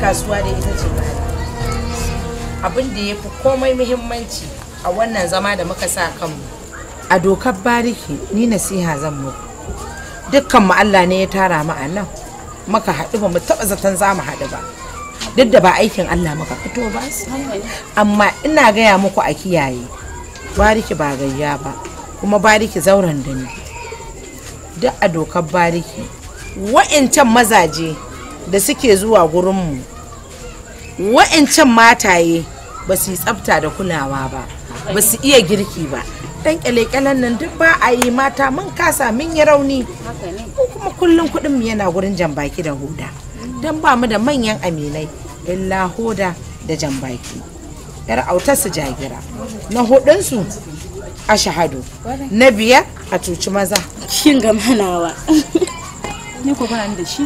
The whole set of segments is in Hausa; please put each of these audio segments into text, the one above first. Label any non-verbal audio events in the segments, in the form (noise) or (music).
kasuwa da ita ce bada abin da ya fi komai muhimmanci a wannan zama da muka sa kanmu a dokar bariki ni nasiha zan muku mu Allah ne ya tara mu a nan muka haɗu ba mu taɓa zaton za mu haɗu ba duk da ba aikin Allah muka fito ba amma ina gaya muku a kiyaye bariki ba gayya ba kuma bariki zauren da ni duk a dokar bariki wa'incan mazaje da suke zuwa gurinmu wa'ancan mataye ba su yi tsafta da kulawa ba ba su iya girki ba dan kyalen nan duk ba a yi mata mun kasa mun yi rauni ko kuma kullum kuɗin mu yana gurin jambaki da huda. dan ba mu da manyan aminai illa huda da jambaki yar autar su jagira na hudun su a shahado na biyar a cuci maza kin ga ni ko ba da shi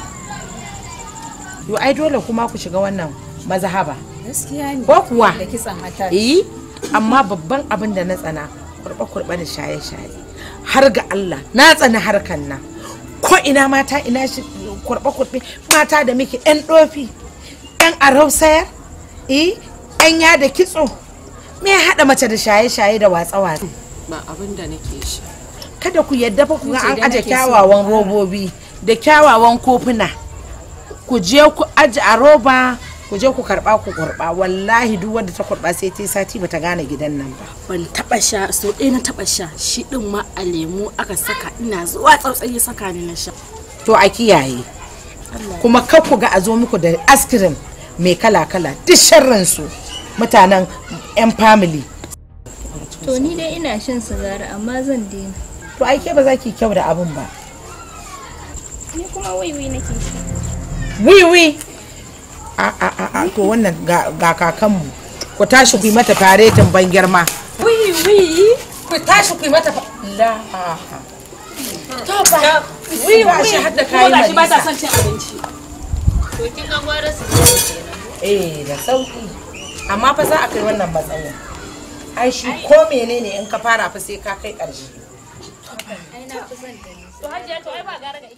yo ai dole kuma ku shiga wannan mazahaba gaskiya ne ko kuwa da hata eh amma babban abin da na tsana kurba kurba da shaye shaye har ga Allah na tsana harkan nan ko ina mata ina shi kurba kurbe mata da miki yan dofi yan arausayar eh ɗan ya da kitso me ya hada mace da shaye shaye da watsa watsa ba abin da nake shi kada ku yadda fa ku ga an aje kyawawan robobi da kyawawan kofuna ku je ku aji a roba ku je ku karba ku kurba wallahi duk wanda ta kurba sai ta sati bata gane gidan nan ba ban taba sha so ɗaya na taba sha shi din ma a lemu aka saka ina zuwa tsautsayi saka ni na sha to a kiyaye kuma kar ku ga a zo muku da askirim mai kala kala duk sharran su mutanen yan family to ni dai ina shan sigari, amma zan daina to ai ke ba za ki kyau da abin ba ni kuma waiwai nake shi wiwi a a a a to wannan ga kakanmu ku tashi ku yi mata faretin ban girma wiwi ku tashi ku yi mata la to ba wiwi shi hadda kayi malisa ba ta son cin abinci to kin ga gwara su eh da sauki amma fa za a kai wannan matsayin ai shi ko menene in ka fara fa sai ka kai ƙarshe ai na kusan to hajjia to ai ba gara ga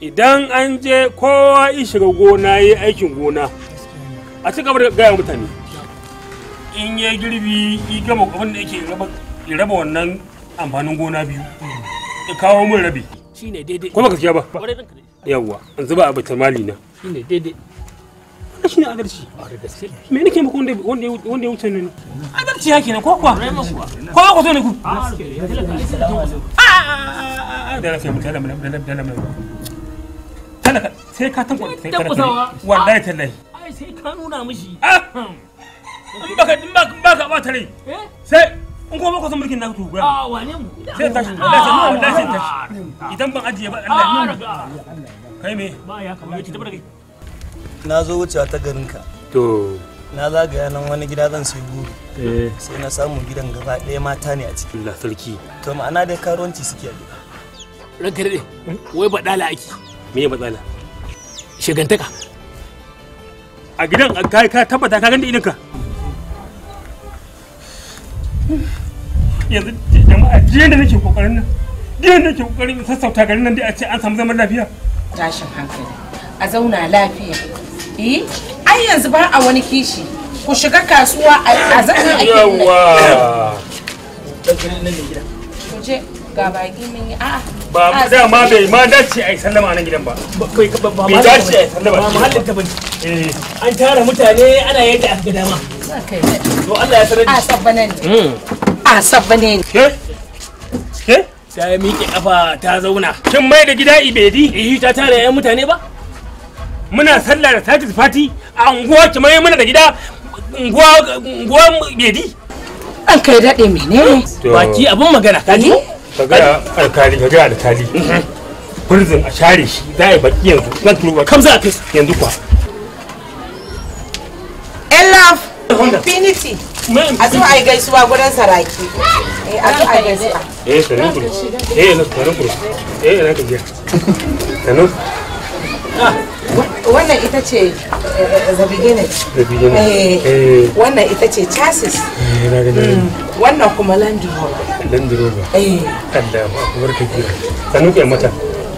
idan an je kowa ya shiga gona ya aikin gona a ci gaba da gaya mutane in ya girbi yi gama abin da yake raba wannan amfanin gona biyu ya kawo mun rabi shine daidai kuma gaskiya ba yawwa an zuba a mali na shine daidai me nake muku wanda ya wuce ne adalci yake ne ko kuwa ko zo ne ku a a a da lafiya mutane da lafiya talaka sai ka tanko sai ka wallahi tallahi ah, ai sai ka nuna mishi ah! hmm. in baka in baka baka ba tare eh? sai in kuma baka san mulkin na to guya a ah, wane mu sai tashi wallahi sai wallahi sai tashi idan ban ajiye ba Allah ne kai me ba ya kamar ki tabbata kai na zo wucewa ta garinka to na zagaya nan wani gida zan sai guri eh. sai na samu gidan gaba ɗaya mata ne a cikin Allah to ma'ana dai karuwanci suke a gida ranka dai wai dala ake me matsala shigantaka a gidan ka ka tabbata ka ganda idanka yanzu jama'a jiyan da nake kokarin nan jiyan da nake kokarin sassauta garin nan dai a ce an samu zaman lafiya tashin hankali a zauna lafiya eh ai yanzu ba a wani kishi ku shiga kasuwa a zauna ake yawa ku je ga baki mun yi a'a ba mu da ma bai ma dace ai sallama nan gidan ba bai bai dace ai sallama ba mahallin ta bane eh an tara mutane ana yadda aka ga dama to Allah ya sanar a sabbane ne hmm. a sabbane ne ke ke ta yi miƙe kafa ta zauna kin mai da gida ibedi eh ta tara yan mutane ba muna sallah da sati fati a unguwa ki mai mana da gida unguwa unguwa ibedi an kai daɗe menene baki abin magana kaji eh. ka ga alkali ka ga alkali prison a share shi za a yi baki yanzu nan turuwa kam za a kai yanzu kwa elaf infinity a zo a yi gaisuwa gurin saraki eh, a zo a yi gaisuwa eh sanin eh, eh na sanin eh na sanin wannan ita ce eh, eh, the beginning eh, wannan ita ce chassis mm. wannan kuma land rover land rover eh Allah ba ku barka kira sanu ku mata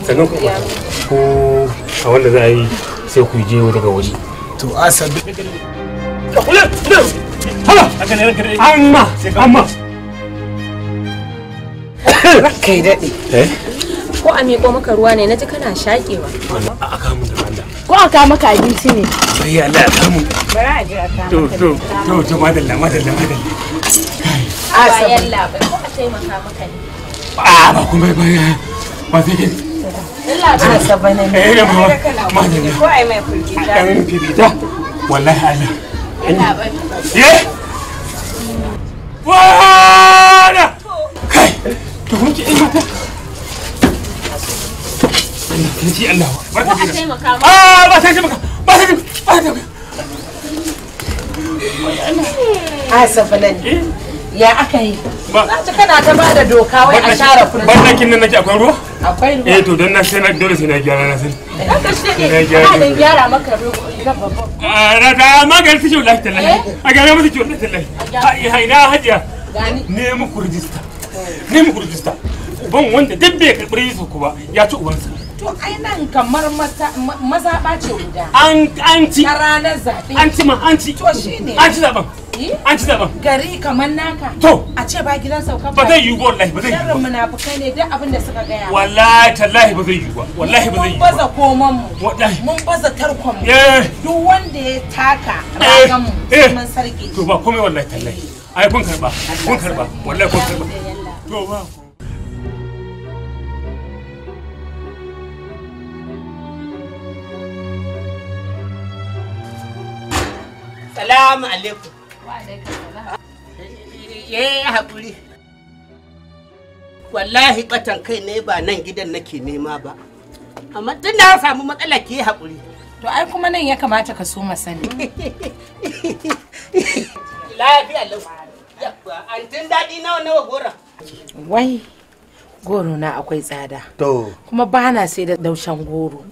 sanu ku mata ko a wanda za a yi sai ku je daga waje to asabi kula kula hala aka ne ranka amma amma kai dadi eh ko a miƙo maka ruwa ne naji kana shakewa a aka mun da wanda ko aka maka abinci ne sai ya Allah ya mun bara a ji aka to to to to madalla madalla madalla a ba yalla ba ko a taimaka maka ne a ba kuma ba ya ba sai ke Allah ba sa bane ne madalla ko ai mai kulki kulkita ai mai ta. wallahi Allah Allah ba eh Wada! Kai! To kun ki ai mata? Ji Allah ah, ba. ta taimaka ba Ba ta taimaka. Ba ta taimaka. Eh? Ya aka yi? Ba. Za kana ta ba da doka wai a share kurmi. nan nake akwai ruwa? Akwai ruwa. Eh to na sai na dole sai na gyara na sai. Eh, Kaka shi ne. Na gyara maka ruwa. Rada ah, maganin eh? wallahi tallahi. A gare musu ke wallahi tallahi. hajiya. Ne muku rijista. Ne muku Ban wanda duk bai karɓi rijista ba ya ci ubansa. To ai nan kamar mazaɓa ce guda. An ci. Ta ranar zaɓe. An ci ma an ci. To shine. An ci zaɓen. Eh? An ci zaɓen. Gari kamar naka. To. A ce ba gidan sauka ba. Ba zai yiwu ba wallahi ba zai yiwu ba. Sharrin munafukai ne duk abin da suka gaya. Wallahi tallahi ba zai yiwu ba. Wallahi ba zai yiwu ba. Mun baza koman mu. Wallahi. Mun baza tarkon mu. Eh. Duk wanda ya taka eh. ragan mu. Mun sarki. To ba komai wallahi tallahi. Ai kun karba. Kun karba. Wallahi kun karba. To ba. Assalamu alaikum. Wa alaikum salam. Eh haƙuri. Wallahi batan kai ne ba nan gidan nake nema ba. Amma tun na samu matsala ke hakuri. To ai kuma nan ya kamata ka so ma sani. (laughs) Lafiya lau. An tun daɗi nawa nawa gora. Wai. goro na akwai tsada to kuma ba na sai da daushen goro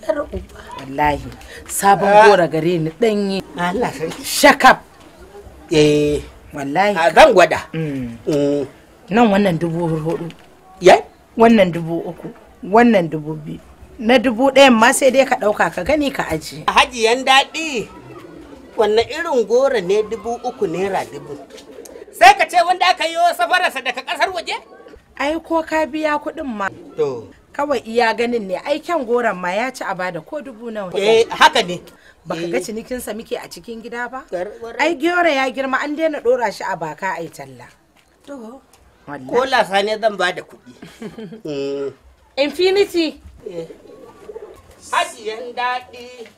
wallahi sabon goro gare ni danyi shakaf eh wallahi a zan gwada mm. Mm. nan wannan dubu hudu ya wannan dubu uku wannan dubu biyu na dubu ɗayan ma sai dai ka ɗauka ka gani ka ajiye hajiyan daɗi wannan irin goro ne dubu uku naira dubu sai ka ce wanda aka yi safararsa daga ƙasar waje ai ko ka biya kuɗin ma to kawai iya ganin ne ai kyan goron ma ya ci a bada ko dubu nawa eh haka ne baka ga eh. cinikinsa muke a cikin gida ba ai gyora ya girma an daina dora shi a baka ai talla to ko lasa ne zan bada kuɗi (laughs) eh. infinity eh. hajiyan daɗi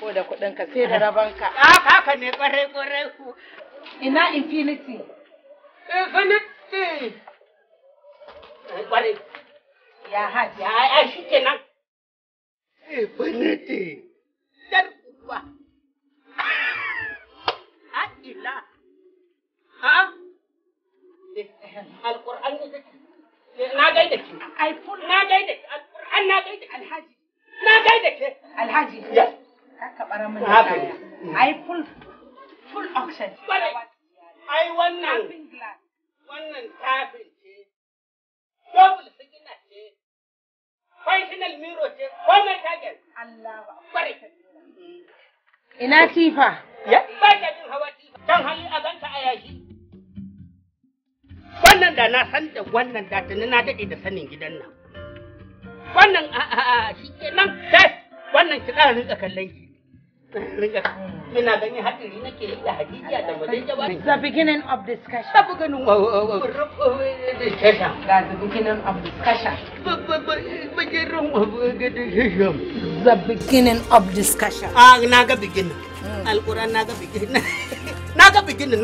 ko da kuɗin ka sai da raban ka ah, haka ne kwarai kwarai ku ina infinity eh, eh. Eh, infinity kwarai ya haji ya ai shi kenan infinity dar kuwa a ila ne alquran na gaida ki ai na gaida quran na gaida alhaji na gaida ke alhaji kakkaɓara mana kaya mm. ai full full auction ai wannan wannan tafin ce double sigina ce functional mirror ce wannan target Allah ba bari mm. ina tifa ya ba ka jin hawa tifa kan hali a ganta a yashi wannan da na san da wannan da tuni na daɗe da sanin gidan nan wannan a a shi kenan wannan ki tsara rinka kallon ki The beginning of discussion. The beginning discussion. That's the beginning of discussion. The beginning of discussion. Ah, na (laughs) beginning.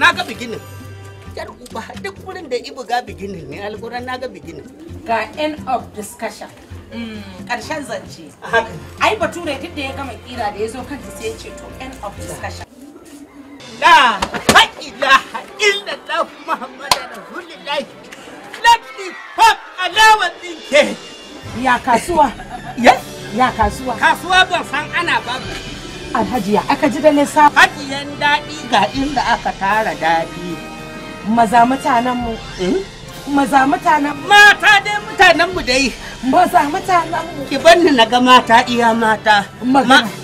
na beginning. yar uba duk wurin da ibu ga beginning ne alƙur'an na ga beginning ga end of discussion mm, karshen zance ai bature duk da ya gama kira da ya zo kanta sai ya ce to end of discussion la illa illallah muhammadan rasulullah let me pop allowance din ke ya kasuwa ya kasuwa kasuwa ban san ana babu alhaji ya aka ji da nisa hajiyan daɗi ga inda aka tara daɗi maza mutanen mu hmm? maza mutanen mata dai mutanen mu dai maza mutanen mu ki banni na ga mata iya mata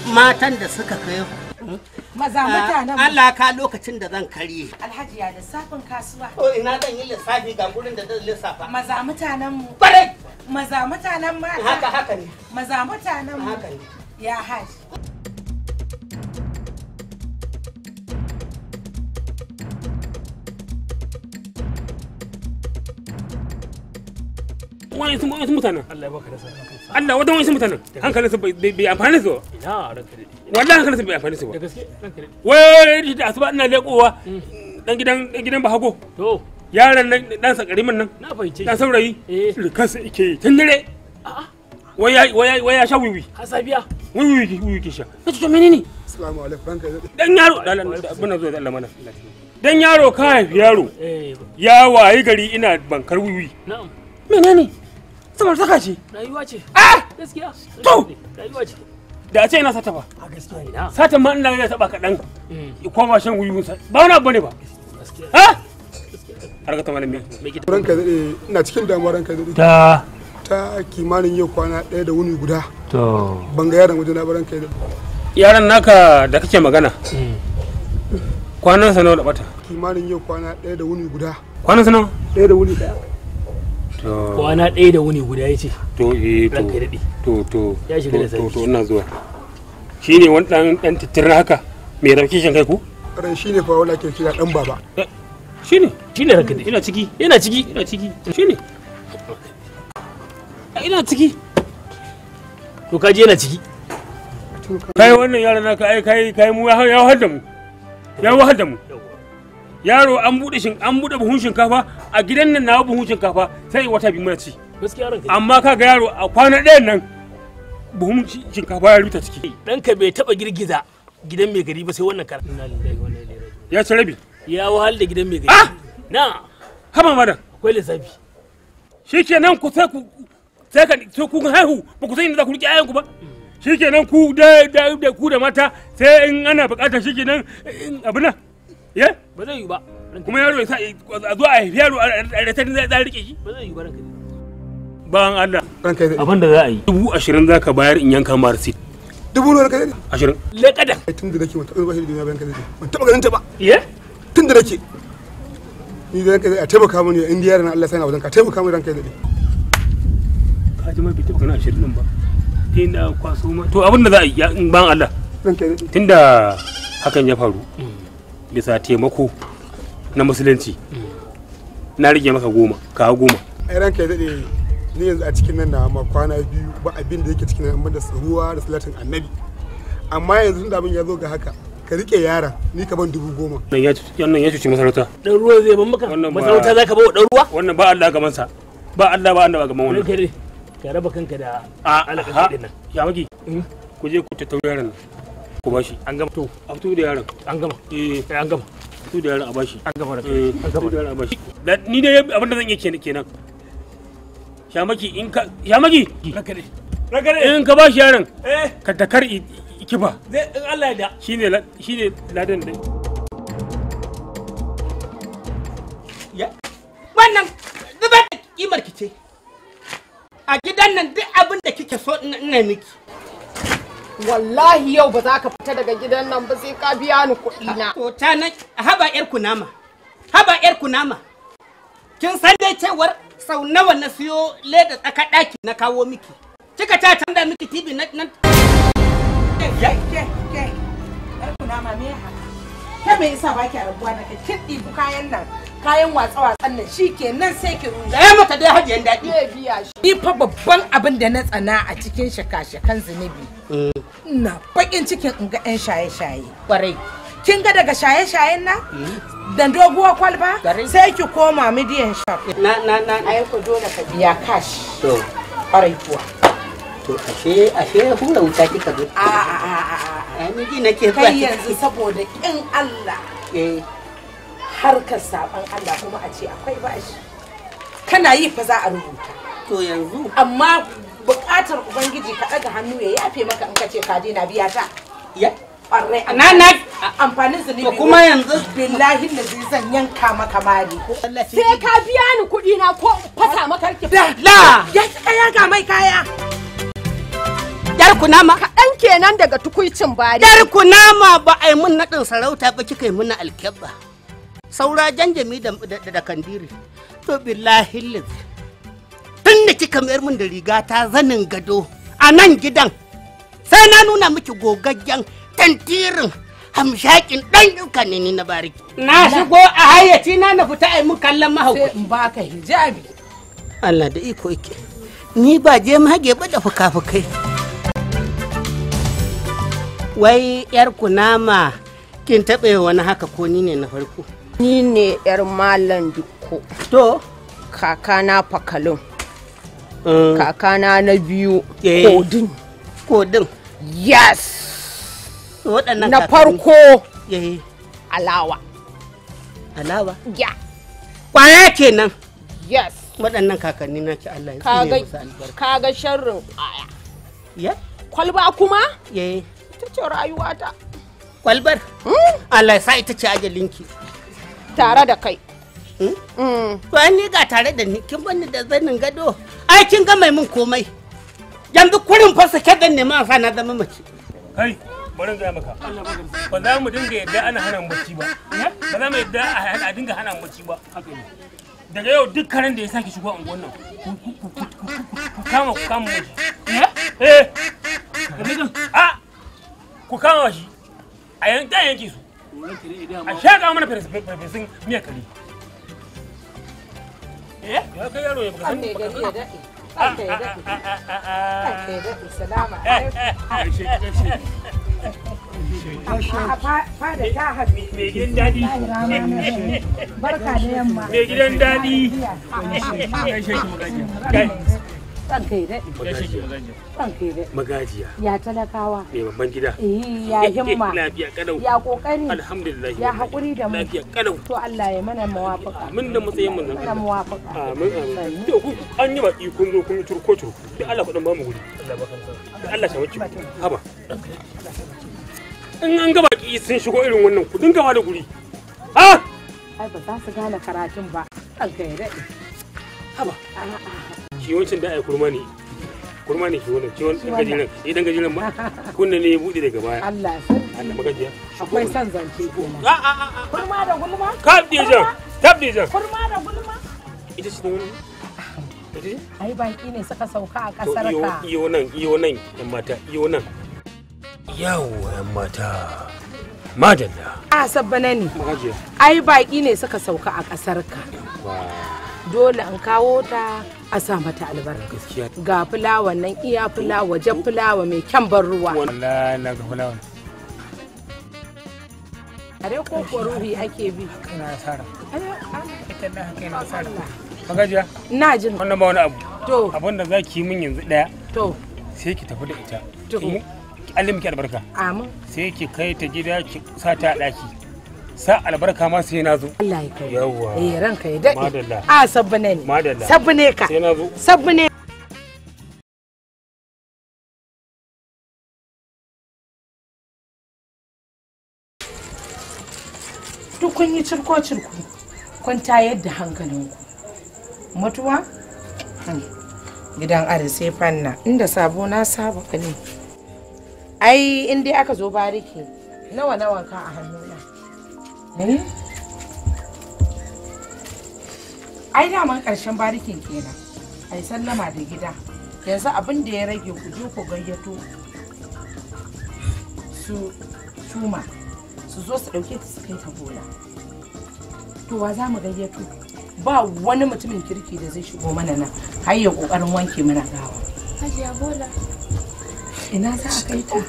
matan da suka kai hmm? maza ah, mutanen mu Allah ka lokacin da zan karye Alhaji ya lissafin kasuwa to ina zan yi lissafi ga gurin da zan lissafa maza mutanen mu bare maza mutanen mata haka haka ne maza mutanen mu haka ne ya haji wani sun wasu mutanen Allah ya baka da Allah wadan wasu mutanen hankalin su bai amfani su ina wallahi hankalin su bai amfani su ba da gaske wai da asuba ina lekowa dan mm. gidan dan gidan bahago to yaran nan dan sakarimin nan na fahimce dan saurayi eh rikansa yake tun dare wai wai wai ya sha wiwi hasabiya wiwi wiwi ke sha ka to menene assalamu alaikum ranka dan yaro abin nan zo da Allah mana dan yaro ka haifi yaro eh. ya wayi gari ina bankar wiwi na'am menene samar saka ce rayuwa ce ah gaskiya to rayuwa ce da a ce ina sata ba a gaskiya ina satan ma ina ga taba kadan eh. ya koma shan wuyu ba wani abu ne ba ha me ranka ina cikin ranka ta ta kimanin yau kwana da wuni guda to ban ga naka da kake magana eh. kwanan sa nawa da bata kimanin yau kwana da wuni guda kwanan sa nawa da wuni kwana ɗaya da wuni guda ya ce to eh to to to ya shiga da to to ina zuwa shine wani dan dan titirin haka mai rafke shin kai ku ran shine fa wala ke kira dan baba eh, shine shine ranka da ina ciki yana ciki ina ciki shine ina ciki to kaje yana ciki kai wannan yaran naka ai kai kai mu ya hadda mu ya wahada mu yaro an bude shin an bude buhun shinkafa a gidan nan nawa buhun shinkafa sai wata bi mana ci amma kaga yaro a kwana ɗayan nan buhun shinkafa ya ruta ciki ɗanka bai taba girgiza gidan mai gari ba sai wannan kara ya ci rabi ya wahal da gidan mai gari ah! na haba madan akwai lissafi shikenan ku sai ku sai ka sai ku haihu ba ku san inda za ku riƙe ku ba shikenan ku da ku da mata sai in ana bukata shikenan abin nan ye ba zai yi ba kuma yaro a zo a haifi yaro a rike shi ba zai yi ba ranka bayan Allah ranka zai abin da za a yi dubu ashirin za ka bayar in yanka ma receipt dubu nawa ranka zai ashirin tun da nake da bayan ka zai ban taɓa ganin ta ba ye tun da nake ni da ranka zai a taimaka mini in diyar na Allah sai na wajen ka taimaka mini ranka zai ka ji ma bai taɓa ganin ashirin ba tun da kwaso ma to abin da za a yi bayan Allah tun hakan ya faru mm. bisa taimako na musulunci na rige maka goma ka goma ai ka ya daɗe ni yanzu a cikin nan da amma kwana biyu ba abin da yake cikin nan amma da ruwa da salatin annabi amma yanzu da abin ya zo ga haka ka rike yara ni ka ban dubu goma wannan ya cuci masarauta dan ruwa zai ban maka masarauta zaka ba dan ruwa wannan ba Allah ga mansa ba Allah ba Allah ga mawon ka raba kanka da alaka din nan ya maki hmm? ku je ku tattauna yaran nan ku bashi an gama to a fito da yaron an gama eh, eh an gama fito da yaron a bashi an gama da eh, an gama da yaron a bashi ni dai abin da zan iya kenan shamaki in ka shamaki rakare rakare in ka bashi yaron eh ka takar kiba zai in Allah ya da shine shine ladan dai ya wannan zubar da kimar ki ce a gidan nan duk abin da kike so ina miki wallahi yau ba za ka fita daga gidan nan ba sai ka biya ni kuɗi na to ta na haba yar kunama haba yar kunama kin san dai cewar sau nawa na siyo leda tsaka ɗaki na kawo miki kika ta tanda miki tibi na nan ke ke ke yar kunama me haka ke me yasa baki rabuwa da kin ɗibi kayan nan kayan watsa watsan nan shi nan sai ki ruwa ya mata dai hajiyan daɗi zai biya shi ni fa babban abin da na tsana a cikin shaka-shakan zunubi mm. ina bakin cikin in ga 'yan shaye-shaye kwarai kin ga daga shaye-shayen nan mm. da doguwar kwalba sai ki koma midiyan shop na na na ai ku dole ka biya cash to kwarai kuwa to ashe ashe hura wuta kika zo a a a a ni nake kai yanzu saboda kin Allah eh harkar saban Allah kuma a ce akwai bashi kana yi fa za a rubuta to yanzu amma bukatar ubangiji ka daga hannu ya yafe maka in ka ce ka daina biya ta ya kwarai na na amfanin zunubi kuma yanzu billahi da zai zan yanka maka mali sai ka biya ni kuɗi na ko fasa maka rike la ya tsaya ga mai kaya yar kunama kaɗan kenan daga tukuicin bari yar nama ba a yi mun naɗin sarauta ba kika yi mun alkyabba saura jami da kandiri to billahi tun da kika mayar min da riga ta zanin gado a nan gidan sai na nuna miki gogaggen tantirin hamshakin dan duka ne ni na bariki na shigo a hayyaci na na fita ai mun kallon mahaukaci in baka hijabi Allah da iko yake ni ba je hage ba da fuka-fukai wai yar kunama kin taɓa wani haka ko ni ne na farko Ni ne 'yar Malam dukko. To? Kakana Fakalin. Eh. Kakana na biyu Kodin. Eh. Kodin. Yes! Na farko eh. Alawa. Alawa? Ya. Kwaya kenan. Yes. Waɗannan kakanni na ki Allah ya Kaga sharrin kwaya. Ya? Kwalba kuma? Ya. Ita ce rayuwata. Kwalbar? Hmm? Allah ya sa ita ce ajalinki. tare da kai Ko eh? mm. ni ga tare da ni kin bani da zanin gado ai kin ga mai mun komai yanzu kurin fa sake da ne ma fa na zama mace kai bari ga maka ba za mu dinga yadda ana hana mace ba ba za mu yadda a dinga hana mace ba daga yau duk karen da ya sake shigo unguwan nan ku kama ku kama mashi eh, eh. Ah! ku kama shi a yanke su a shaƙa mana farfesun miya kari eh ya kai yaro ya Ake ake salama daɗi. daɗi. daɗi. magajiya ya talakawa mai babban gida eh, ya eh, himma lafiya ya kokari alhamdulillah ya hakuri da mu lafiya kalau to Allah ya mana muwafaka mun da matsayin mu mana muwafaka amin amin to ku an yi baki kun zo kun turko turko da Allah ku dan ba mu guri Allah ba kan Allah shawarci haba in an ga baki sun shigo irin wannan ku dinga ba da guri ha ai ba za su gane karatun ba ɗan kai daɗi haba shi da ai kurma ne kurma ne shi wannan ciwon dan gajeren eh dan gajeren ba kunna ne ya bude daga baya Allah ya san Allah magajiya akwai san zance goma a a a kurma da gulma kab dijan kab dijan kurma da gulma ita ce wannan ai baki ne suka sauka a kasar ka iyo nan iyo nan yan mata iyo nan yawo yan mata madalla a ah, sabbana ne ai baki ne suka sauka a kasar ka dole in kawo ta a sa mata albarka ga fulawa nan iya fulawa jan fulawa mai kyan ban ruwa na ga fulawa are ko ko ruhi ake bi kana ita na na jin wannan ba wani abu to abin da zaki min yanzu daya to sai ki tafi da ita to alim ki albarka amin sai ki kai ta gida ki sa ta daki sa albarka ma sai na zo Allah ya kai yawa eh ranka ya dade a sabbu ne sabbu ne ka sai na zo sabbune duk kun yi cirko-cirko kun tayar da hankalinku mutuwa hmm. gidan sai fanna inda sabo na saba ne ai in dai aka zo bariki nawa nawa ka a hannuna Ai daman ƙarshen barikin kenan. Ai sallama da gida. Yanzu abin da ya rage ku je ku gayyato su suma su zo su ɗauke ta su kai ta bola. To wa za mu gayyato? Ba wani mutumin kirki da zai shigo mana nan har ya ƙoƙarin wanke mana gawa. Hajiya bola. Ina za a kai ta?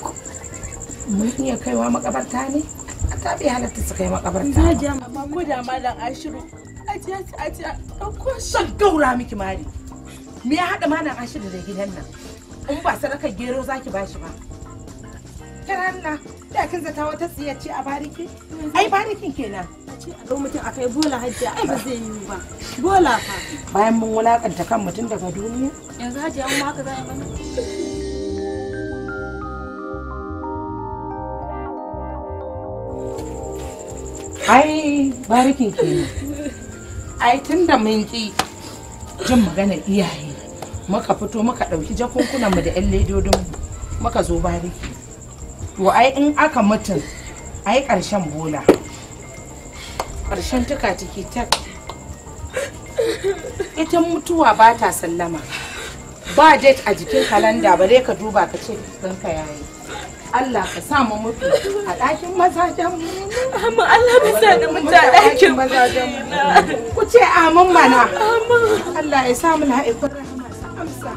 Mun iya kaiwa makabarta ne? ta bai halatta su kai makabarta amma ko da malam ashiru ajiya ajiya ɗauko shi gaura miki mari me ya haɗa malam ashiru da gidan nan in ba sadakar gero zaki bashi ba kiran na da kin zata wata tsiyar ce a bariki ai barikin kenan a mutum akai bola hajjiya ai ba zai yi ba bola fa bayan mun wulakanta kan mutum daga duniya yanzu hajjiya mun haka za a yi ai barikin ke ai tun da mun ki jin magana iyaye muka fito muka ɗauki jakunkunan mu da 'yan ledodin muka zo bariki to ai in aka mutum ai ƙarshen bola ƙarshen tuka tiki tak ita mutuwa ba ta sallama ba date a jikin kalanda ba dai ka duba ka ce ɗanka yayi Allah ka sa mu mutu a ɗakin mazajen mu. Amma Allah ka sa da mutu a ɗakin mazajen mu. Ku ce amin mana. Amin. Allah ya sa mu na rahama sa amsa.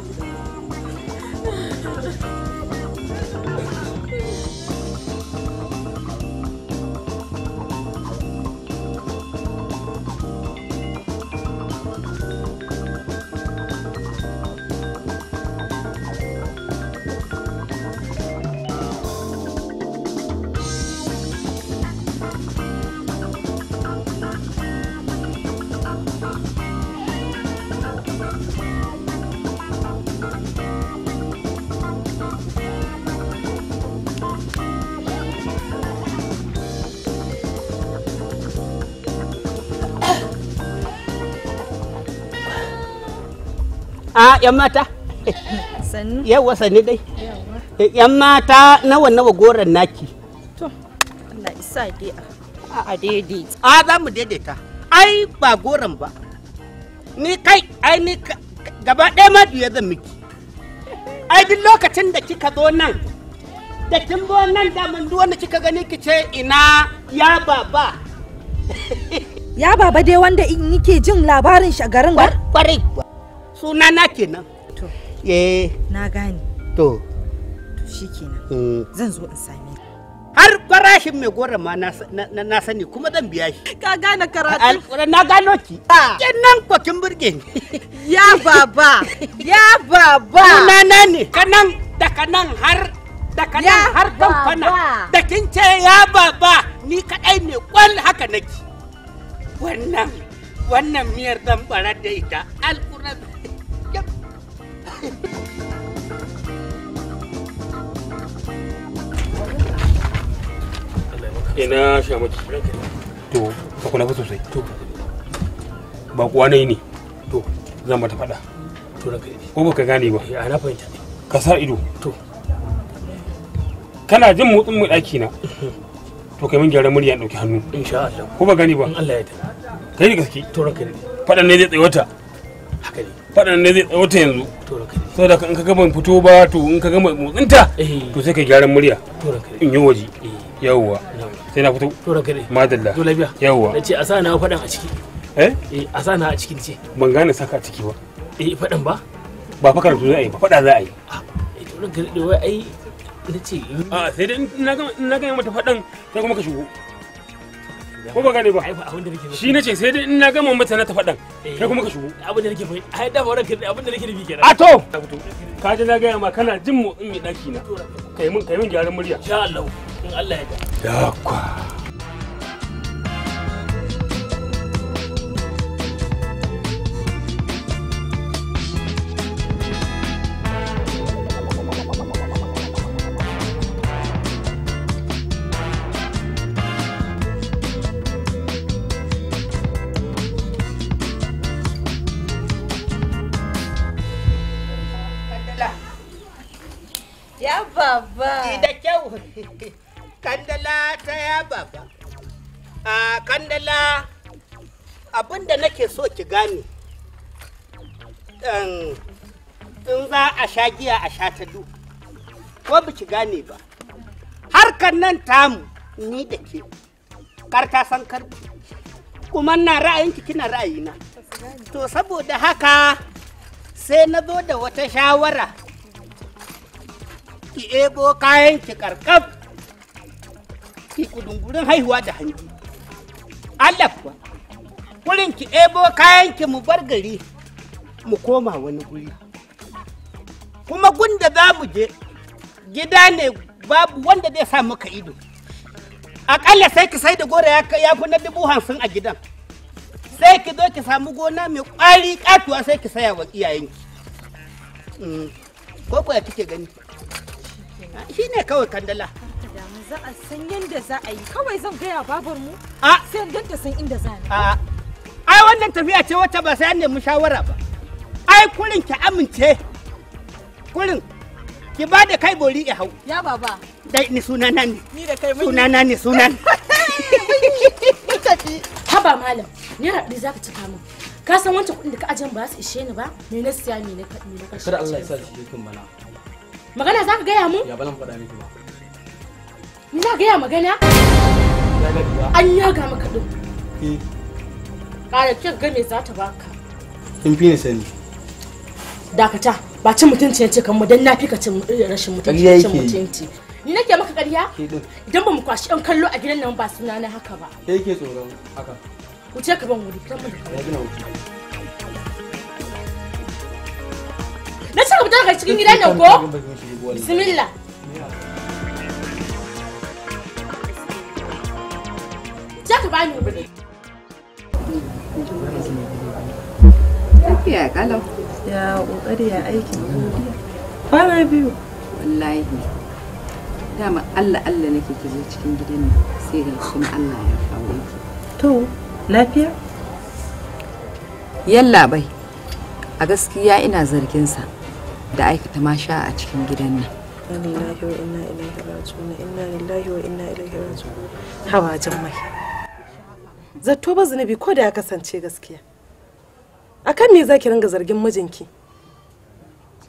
yan mata sannu yawa sannu dai eh, yan mata nawa nawa goron naki to Allah isa dai a daidaita a za mu daidaita ai ba goron ba ni kai ai ni gaba ɗaya ma biye zan miki ai duk lokacin da kika zo nan da kin zo nan da mun duk wanda kika gani ki ce ina ya baba ya baba dai wanda in yake jin labarin shagarin garin kwarai suna na kenan to eh na gane to to shikenan eh. zan zo in same har farashin mai gora ma na sani kuma zan biya shi. Ka gane karatu. Na gano ki. Ah. Kin nan ko kin burge ni. (laughs) Ya baba, ya baba. Sunana ne. Kanan daga nan har daga nan har kamfana. Da kin ce ya baba ni kadai ne kwal haka nake. Wannan wannan miyar dan bara da ita. Alƙur'ani. ina sha maki to ka kula fa sosai to ba kuwa ne ne to zan mata faɗa to na kai ko baka gane ba ya eh, na fahimta ka sa ido to kana jin motsin mu daki na to kai mun gyara murya dauki hannu insha Allah ko ba gane ba in Allah ya yarda kai gaske to ranka ne faɗan ne zai tsayawata haka ne faɗan ne zai tsawata yanzu sau da in ka gama fito ba to in ka gama motsinta eh. to sai ka gyaran murya in yi waje eh. yawwa sai na fito madalla yawwa na ce a sa na faɗan a ciki eh, eh a sa na a ciki ce ban gane saka a ciki ba eh faɗan ba ba fakar zuwa ai a ba faɗa za a yi ah, wai na ce a ah, sai dai na ga mata faɗan sai kuma ka shigo ko ba gane ba shi nace sai dai in na gama mata na ta faɗan eh. kai kuma ka shigo abin da nake ai da ba ranka abin da nake nufi kenan a to ka ji na gaya ma kana jin mu in mai daki na kai mun kai gyaran murya insha Allah in Allah ya da yakwa baba. Da kyau. (laughs) Kandala ta ya baba. A kandala abin da nake so ki gane. Um, in za a sha giya a sha ta du. Ko ba ki gane ba. Harkar nan tamu ni da ke. Kar ta san kar. Kuma na ra'ayinki kina ra'ayina. To saboda haka sai na zo da wata shawara. ki ebo kayan ki karkab ki kudungurin haihuwa da hanji Allah kuwa wurin ki ebo kayan ki mu bar gari mu koma wani guri kuma gunda za mu je gida ne babu wanda zai sa maka ido akalla sai ki sai da gora ya ya na dubu hamsin a gidan sai ki zo ki samu gona mai kwari katuwa sai ki saya wa iyayenki mm. ko kuwa kike gani Shi ne kawai kandala. za a san yadda za a yi kawai zan gaya babar mu sai don ta san inda za a ai wannan tafiya ce wata ba sai an nemi shawara ba ai kurin ki amince kurin ki ba da kai bori ya hau ya baba dai ni sunana ne ni da kai sunana ne sunan (laughs) tafi haba malam ni ɗari za ka cika min ka san wancan kuɗin da ka ajin ba su ishe ni ba me na siya me na kashi kar Allah ya sa shi dukkan mana magana za ka gaya mu ya bala faɗa miki ba ni za ka gaya magana an ga maka ɗin ƙara kyan game za ta baka kin fi ni sani dakata ba cin mutunci ya ce kan mu dan na fi ka cin eh, rashin mutunci ni nake maka ƙarya idan ba mu kwashi ɗan kallo a gidan nan ba suna na haka ba ke yake tsoron haka wuce ka ban wuri kan mu da kawai na saka fita daga cikin gidan nan ko bismillah za ka bani Tafiya kalau. Ya kokari ya aikin godiya. Kwana biyu. Wallahi. Dama Allah Allah nake ki zo cikin gidan nan sai ga shi Allah ya kawo ki. To, lafiya? Yalla bai. A gaskiya ina zargin sa. da aikata masha a cikin gidan nan. Inna lillahi wa inna ilaihi raji'un. Inna lillahi wa inna ilaihi raji'un. Hawa jammai. Zatto ba zunubi ko da ya kasance gaskiya. a kan me zaki ringa zargin mijinki?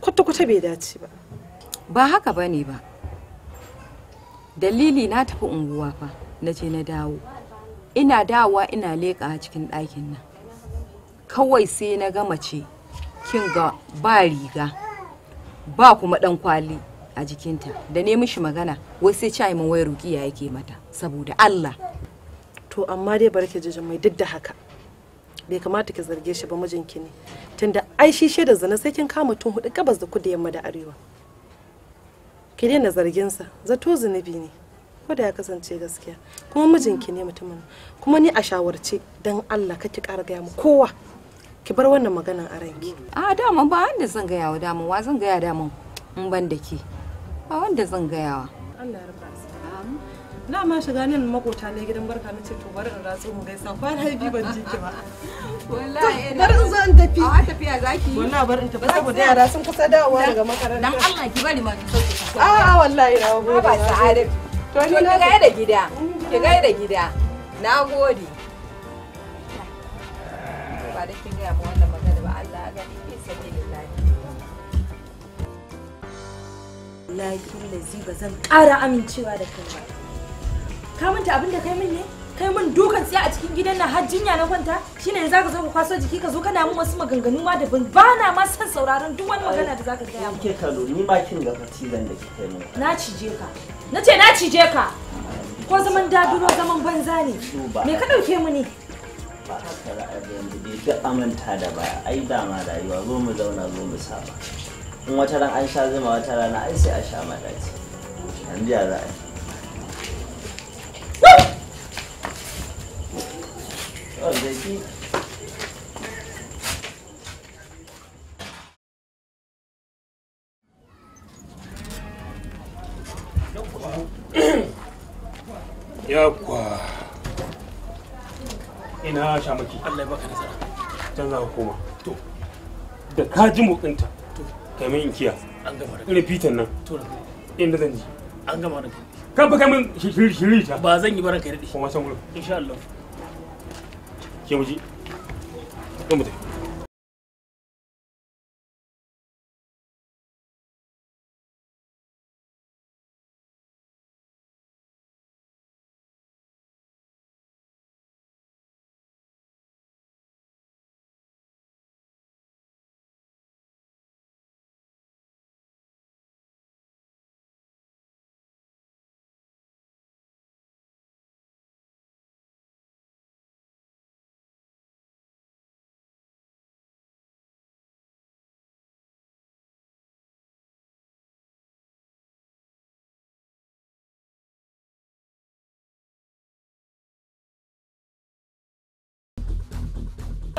Kwata-kwata bai dace ba. Ba haka bane ba. Dalili na tafi unguwa fa, na je na dawo. Ina dawa ina leƙa cikin ɗakin nan. Kawai sai na gama ce kin ga ba riga. ba kuma dan kwali a jikinta da ne mishi magana wai sai cai min wayar rukiya yake mata saboda Allah to amma dai barke jijin mai duk da haka bai kamata ki zarge shi ba mijinki ne tunda ai shi she da zina sai kin kama tun hudu gabas da kudu yamma da arewa ki daina zargin sa zato zunubi ne ko da ya kasance gaskiya kuma mijinki ne mutumin kuma ni a shawarce dan Allah karki kara gaya mu kowa ki bar wannan maganan a ranki a dama ba wanda zan gaya wa dama wa zan gaya dama in ban da ke ba wanda zan gaya wa Allah ya na ma shiga nan makota ne gidan barka na ce to bari in ratso mu gaisa kwan haibi ban ji ki ba wallahi eh, bari in zo in tafi a tafiya zaki wallahi bari in tafi saboda yara sun kusa dawowa daga makaranta dan Allah ki bari ma ki sauke a a ah, wallahi na gode ba sa'adat to ni na ga da gida ki ga da gida na gode ba da kin gaya mu wannan magana ba Allah ya gani fi Allah lakin lazi ba zan ƙara amincewa da kai ba ka manta abin da kai min ne kai min dukan tsaya a cikin gidan nan har jinya na kwanta shine yanzu zaka zo ka kwaso jiki ka zo kana mun wasu maganganu ma da ban bana ma san sauraron duk wani magana da zaka gaya mu ke kalo ni ma kin ga fatilan da kike mun na cije ka nace na cije ka ko zaman daduro zaman banza ne me ka dauke mu ne ba haka za a yanzu bai duk da baya ai dama rayuwa zo mu zauna zo mu saba in wata ran an sha zuma wata rana ai sai a sha madaci za a yi da ka ji motsinta kai min inkiya an gama da irin fitan nan inda zan ji an gama da kan fa kai min shiri ta ba zan yi baran kai daɗi kuma san wurin insha Allah ke muji ji mutai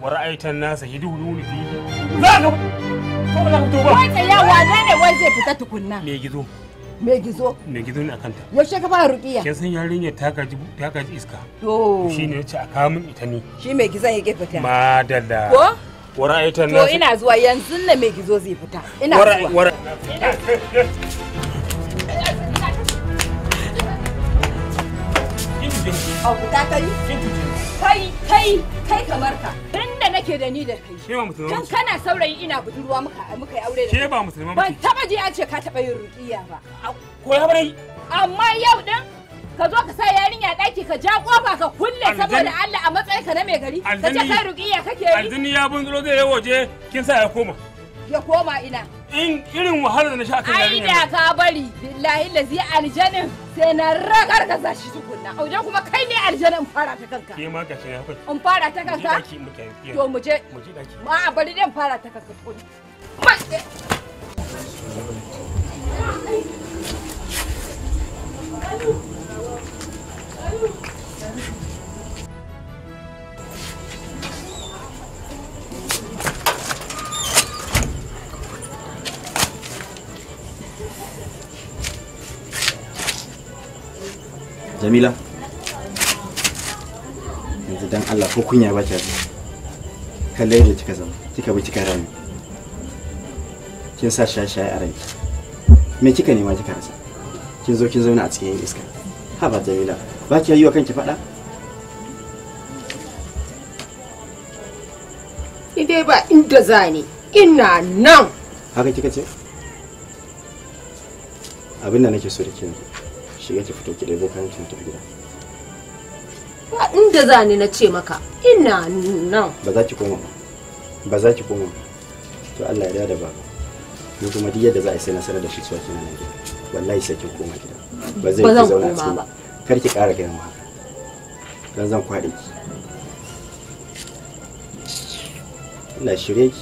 wa ra'aitan nasa yaduluna fi za ka ko za wai tsaya wane ne wai zai fita tukunna me gizo me gizo me gizo ne akanta yaushe ka fara rukiya kin san yarinyar ta gaji ta gaji iska to shine yace a kawo min ita ne shi me gizon yake fita madalla ko wa ra'aitan nasa to ina zuwa yanzu ne me gizo zai fita ina zuwa kai kai kai kamar ka eh? nake da ni da kai. Shi ba musulmi. Kan kana saurayi ina budurwa muka muka aure da. Shi ba ba. Ban taba ji a ce ka taba yin ruqiya ba. Ko ya bari? Amma yau din ka zo ka sa yarinya daki ka ja kofa ka kulle saboda Allah a matsayinka na mai gari. Ka ce kai ruqiya kake yi. Aljini ya bunzuro zai yi waje kin sa ya koma. ya koma ina. In irin wahalar da na sha kan yarinya. Ai da ka bari billahi lazi aljanin sai na ragar ka zashi tukunna. wajen kuma kai ne aljanin fara ta kanka. Ke ma gashi na hukunta. In fara ta kanka? To mu je. Mu je daki. Ma a bari dan fara ta kanka tukunna. Thank you. jamila yanzu dan allah ko kunya ba kya kallai da kika zama kika bi kika rami kin sa shaye-shaye a ranki me kika nema kika rasa kin zo kin zauna a cikin iska ha ba jamila ba ki yi wa kanki faɗa idai ba inda zani ina nan haka kika ce abin da nake so da ke shiga ta fito ki ɗebo kayan ki tafi gida ba inda za ni na ce maka ina nan ba za ki koma ba ba za ki koma ba to Allah ya da ba ni kuma duk yadda za a sai nasara da shi suwa kina nan gida wallahi sai ki koma gida ba zai ki zauna cikin kar ki ƙara gaya mu haka dan zan kwaɗe ki ina shirye ki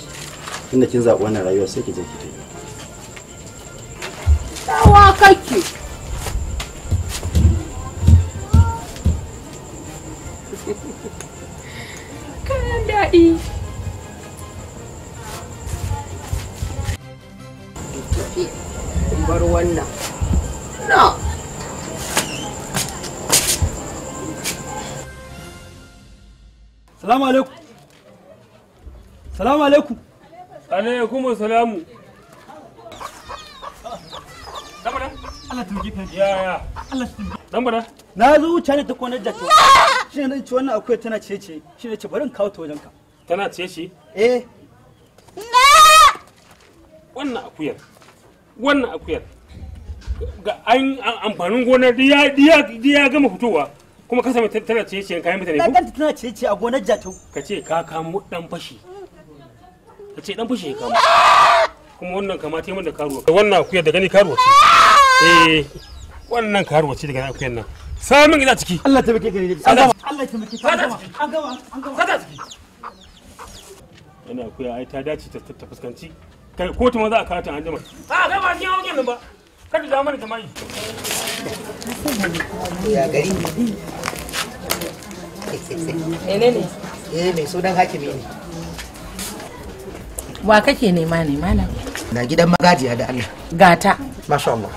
tunda kin zaɓi wannan rayuwar sai ki je ki tafi. Tawa kake. na zo wuce ne ta kone jato shi ne ci wannan akwai tana ce ce shi ne ce bari kawo ta wajenka tana ce ce eh wannan akuyar wannan akuyar ga an amfanin gonar da ya diya gama fitowa kuma ka sami tana ce ce kayan mutane ko kanta tana ce ce a gonar jato ka ce ka kamo dan fashi ka ce dan fashi ka kamo kuma wannan kamata yi mun da karuwa wannan akuyar da gani karuwa ce eh wannan karuwa ce daga akuyar nan samun ina ciki Allah ta bake gari da gama Allah ta bake an gama an gama an gama kada ciki ina kuya ai ta dace ta ta fuskanci kai ko ta za a kawo ta an jima a ga ba ni hawo ba kada da ta mai ya gari ne ne eh mai dan hakimi ne wa kake nema ne malam na gidan magajiya da Allah gata masha Allah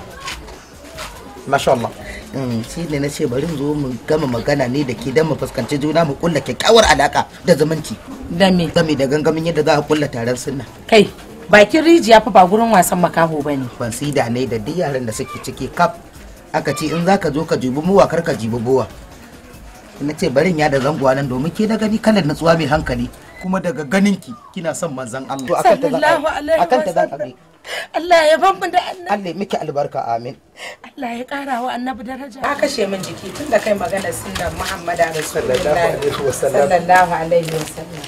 masha Allah Mm, shi ne na ce bari zo mu gama magana ne da ke don mu fuskanci juna mu kulla kyakkyawar alaka da zumunci da da gangamin yadda za a kulla taron sunna kai bakin rijiya fa ba gurin wasan makaho bane ban sida ne da duk yaran da suke ciki kaf aka ce in zaka zo ka jibi muwa kar ka jibi buwa na ce barin ya da zangowa nan domin ke da gani kalar natsuwa mai hankali kuma daga ganinki kina son manzon Allah to akan ta zan akan ta zan Allah ya ban da Allah. Allah miki albarka amin. Allah ya kara wa annabi daraja. Ka kashe min jiki tun da kai magana sunna Muhammad Rasulullahi sallallahu alaihi wasallam.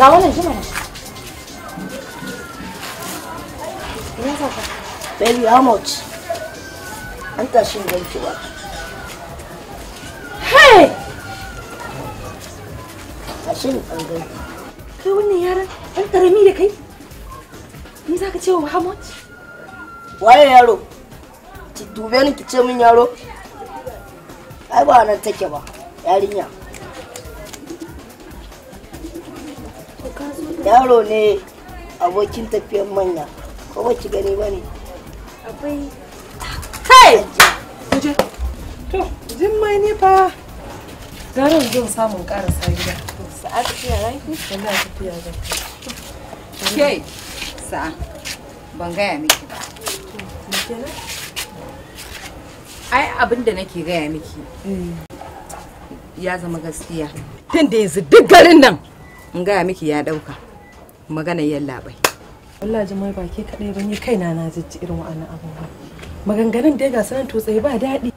ga wannan Ina Baby, how much? an ba. Hey! hai tashin an ganki kai wannan yaran an karami da kai ni za ka ce wa Muhammad? waye yaro ki dube ni ki ce min yaro ai ba nan take ba yarinya yaro ne abokin tafiyar manya ko ba ki gani ba ne akwai kai kuje to jin mai ne fa garin zan samu karasa gida sa'a tafiya ranki wallahi tafiya zan kai sa'a ban gaya miki ba ai abin da nake gaya miki eh. ya zama gaskiya tun da yanzu duk garin nan in gaya miki ya ɗauka, magana yan labai wallahi jama'i ba ke kadai ba ni kaina na jijji irin wa'annan abubuwa maganganun dai ga sanan tsotsai ba daɗi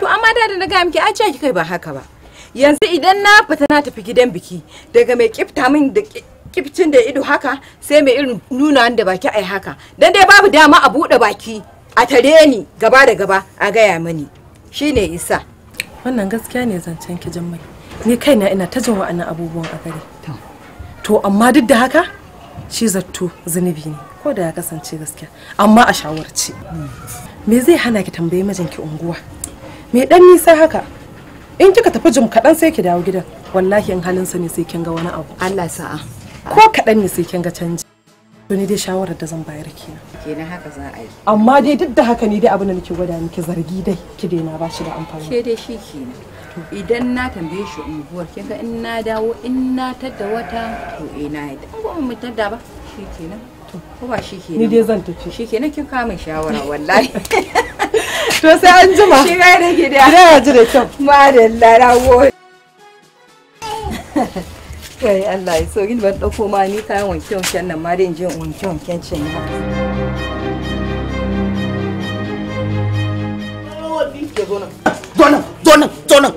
to amma da da na ga miki a ce kai ba haka ba yanzu idan na fita na tafi gidan biki daga mai kifta min da kifcin da ido haka sai mai irin nuna da baki ai haka dan dai babu dama a buɗe baki a tare ni gaba da gaba a gaya mani shine isa wannan gaskiya ne zancen ki jammai ni kaina ina ta jin wa'annan abubuwan a gare to amma duk da haka shi zatto zunubi ne ko da ya kasance gaskiya amma a shawarci me zai hana ki tambayi mijinki unguwa me dan nisa haka in kika tafi jim kaɗan sai ki dawo gidan wallahi in halinsa ne sai kin ga wani abu Allah sa'a ko kaɗan ne sai kin ga canji to ni dai shawarar da zan bayar ki kenan haka za a yi amma dai duk da haka ni dai abin da nake gwada miki zargi dai ki daina ba shi da amfani ke dai shi kenan idan na tambaye shi unguwar kin ga in na dawo in na tadda wata to ina eh yi yadda ba mu tadda ba shi kenan ko ba shi ke ni dai zan tafi shi ke kin kama shawara (laughs) wallahi to sai an jima shi ga da gida gida ya ji da kyau madalla na gode (laughs) kai Allah ya so ban dauko ma ni kayan wanke wanken nan ma dai in je wanke wanken can ya Zonan, zonan, zonan.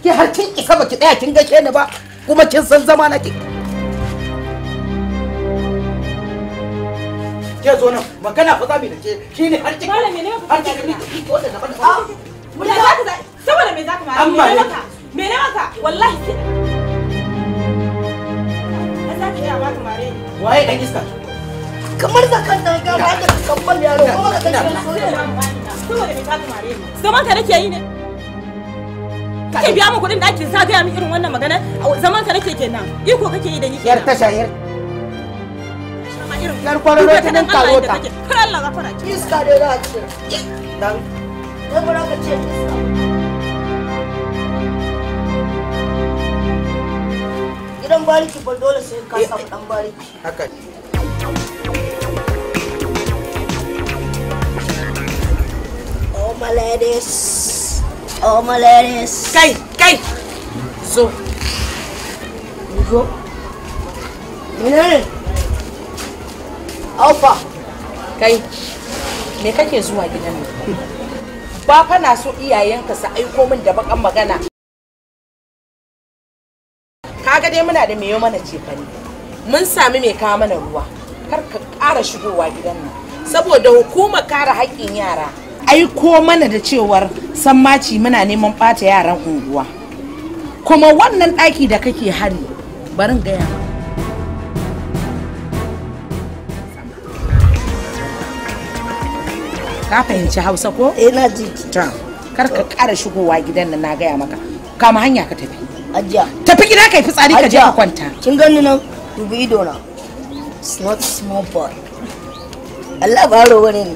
Ki har kin isa ba ki tsaya kin gashe ni ba kuma kin san zama na ki. ke zo nan magana fa zabi da shi ne har cikin malami ne har cikin ko da daban daban ah, mun za ka saboda me za ka mara me maka me ne maka wallahi Allah ke ya ka mare waye dan iska kamar da kan nan ga ba ka kamar yaro ko ka kana saboda me za ka mare zaman ka nake yi ne kake biya mu kuɗin da ake sa gaya min irin wannan magana zaman ka nake kenan iko kake yi da ni yar tasha yar irin yar kwararo ta nan ta kar Allah gafara iska dai dan dan ka ce iska gidan bariki ba dole sai ka samu dan bariki haka Oh my ladies, oh my ladies. Kai, kai, zo, go. Menene? Alfa. Kai, me kake zuwa gidan nan? Ba fa na so iyayenka su aiko min da bakan magana. Kaga dai muna da meyo mana cefane. Mun sami mai kawo mana ruwa. Kar ka ƙara shigowa gidan nan. Saboda hukumar kare haƙƙin yara. Aiko mana da cewar sammaci muna neman ɓata yaran unguwa. Kuma wannan ɗaki da kake hari barin gaya maka. ka fahimci hausa ko eh na ji ta kar ka kara shigowa gidan nan na gaya maka kama hanya ka tafi ajiya tafi gida kai fitsari ka je ka kwanta kin gani nan dubi ido na not small boy Allah ba yaro bane ne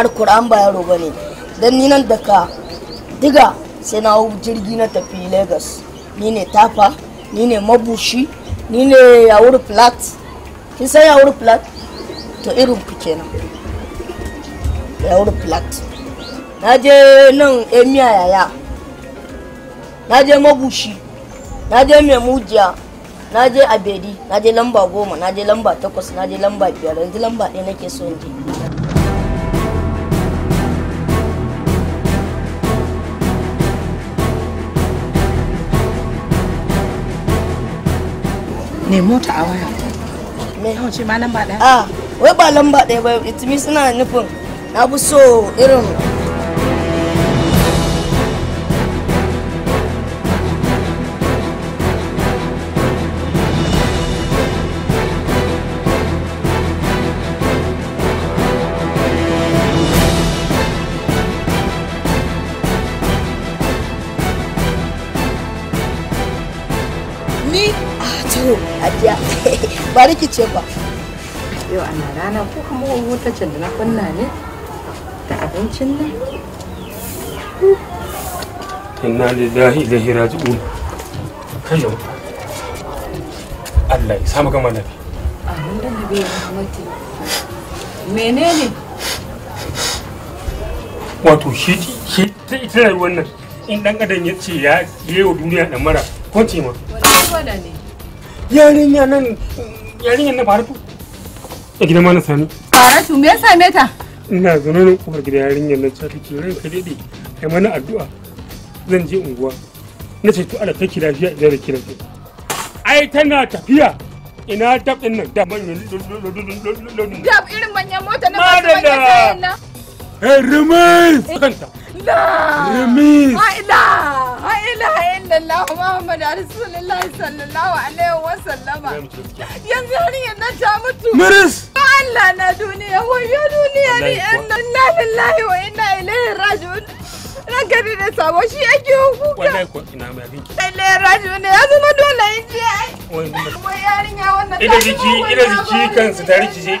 alquran ba yaro bane dan ni nan daka diga sai na hau jirgi na tafi lagos ni ne tafa ni ne mabushi ni ne yawuri flat kin san yawuri flat to irin ku kenan yawar flat na je nan emiya eh, yaya na je mabushi na je memujiya na je abedi na je lamba goma na je lamba takwas na je lamba biyar yanzu lamba ɗaya nake so in je ne mota a waya me yawanci ma lamba ɗaya a ah, wai ba lamba ɗaya ba itimi suna nufin na fi so irin ah, ajiya (laughs) ba rikice ba yau ana rana ko kuma wata can da na kunna ne abincin nan inna lillahi da hiraji'un kayo Allah ya samu gama lafi amin da nabi ya rahmati menene wato shi shi ita rayuwar nan in dan adam ya ce ya yi wa duniya da mara ko ce ma wala ne yarinya nan yarinya na faratu a gidan ma na sani faratu me ya same ta ina zaune ne kofar gida yarinyar na ta take ran ka daidai kai mana addu'a zan je unguwa na ce to Allah take lafiya idan da kira ke ai tana tafiya ina dab din nan da manyan dab irin manyan mota na masu manyan nan rumai eh. kanta لا رميس لا لا إله الله محمد رسول الله صلى الله عليه وسلم yanzu yarinyar nan ta mutu miris Allah na duniya wayo duniya ne inna lillahi wa inna ilaihi raji'un ne sabo shi ake hukuka wallahi ko ina ne ya zama dole in je ai jiki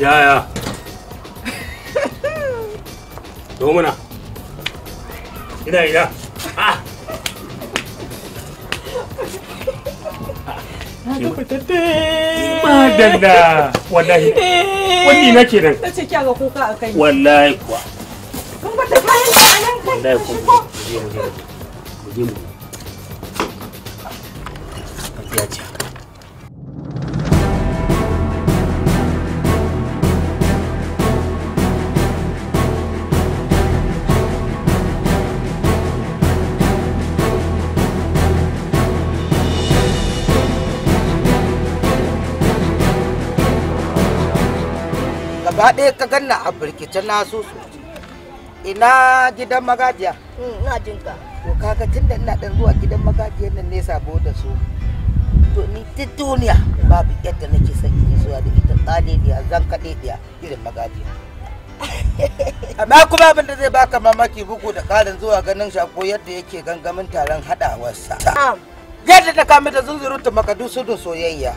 Yaya? Zo muna. Ina ina. Ah. Madalla wallahi wani na kenan. Ta ce kya ga kuka a kai. Wallahi kuwa. Kun bata kayan da anan kai. Wallahi kuwa. Mu je mu Mu je mu je. dai ka ganna a birkice na so ina gidan magajiya mm, ina jin ka to kaga tunda ina dan zuwa gidan magajiyar nan ne da su to ni ta duniya babu yadda nake son in zuwa da ita tsaliliya zan kaɗe ɗiya irin magajiya (laughs) amma kuma abin da zai baka mamaki bugu da ƙarin zuwa ganin shako yadda yake gangamin taron haɗawarsa. yadda ta kame ta zunzurutun makadu su da soyayya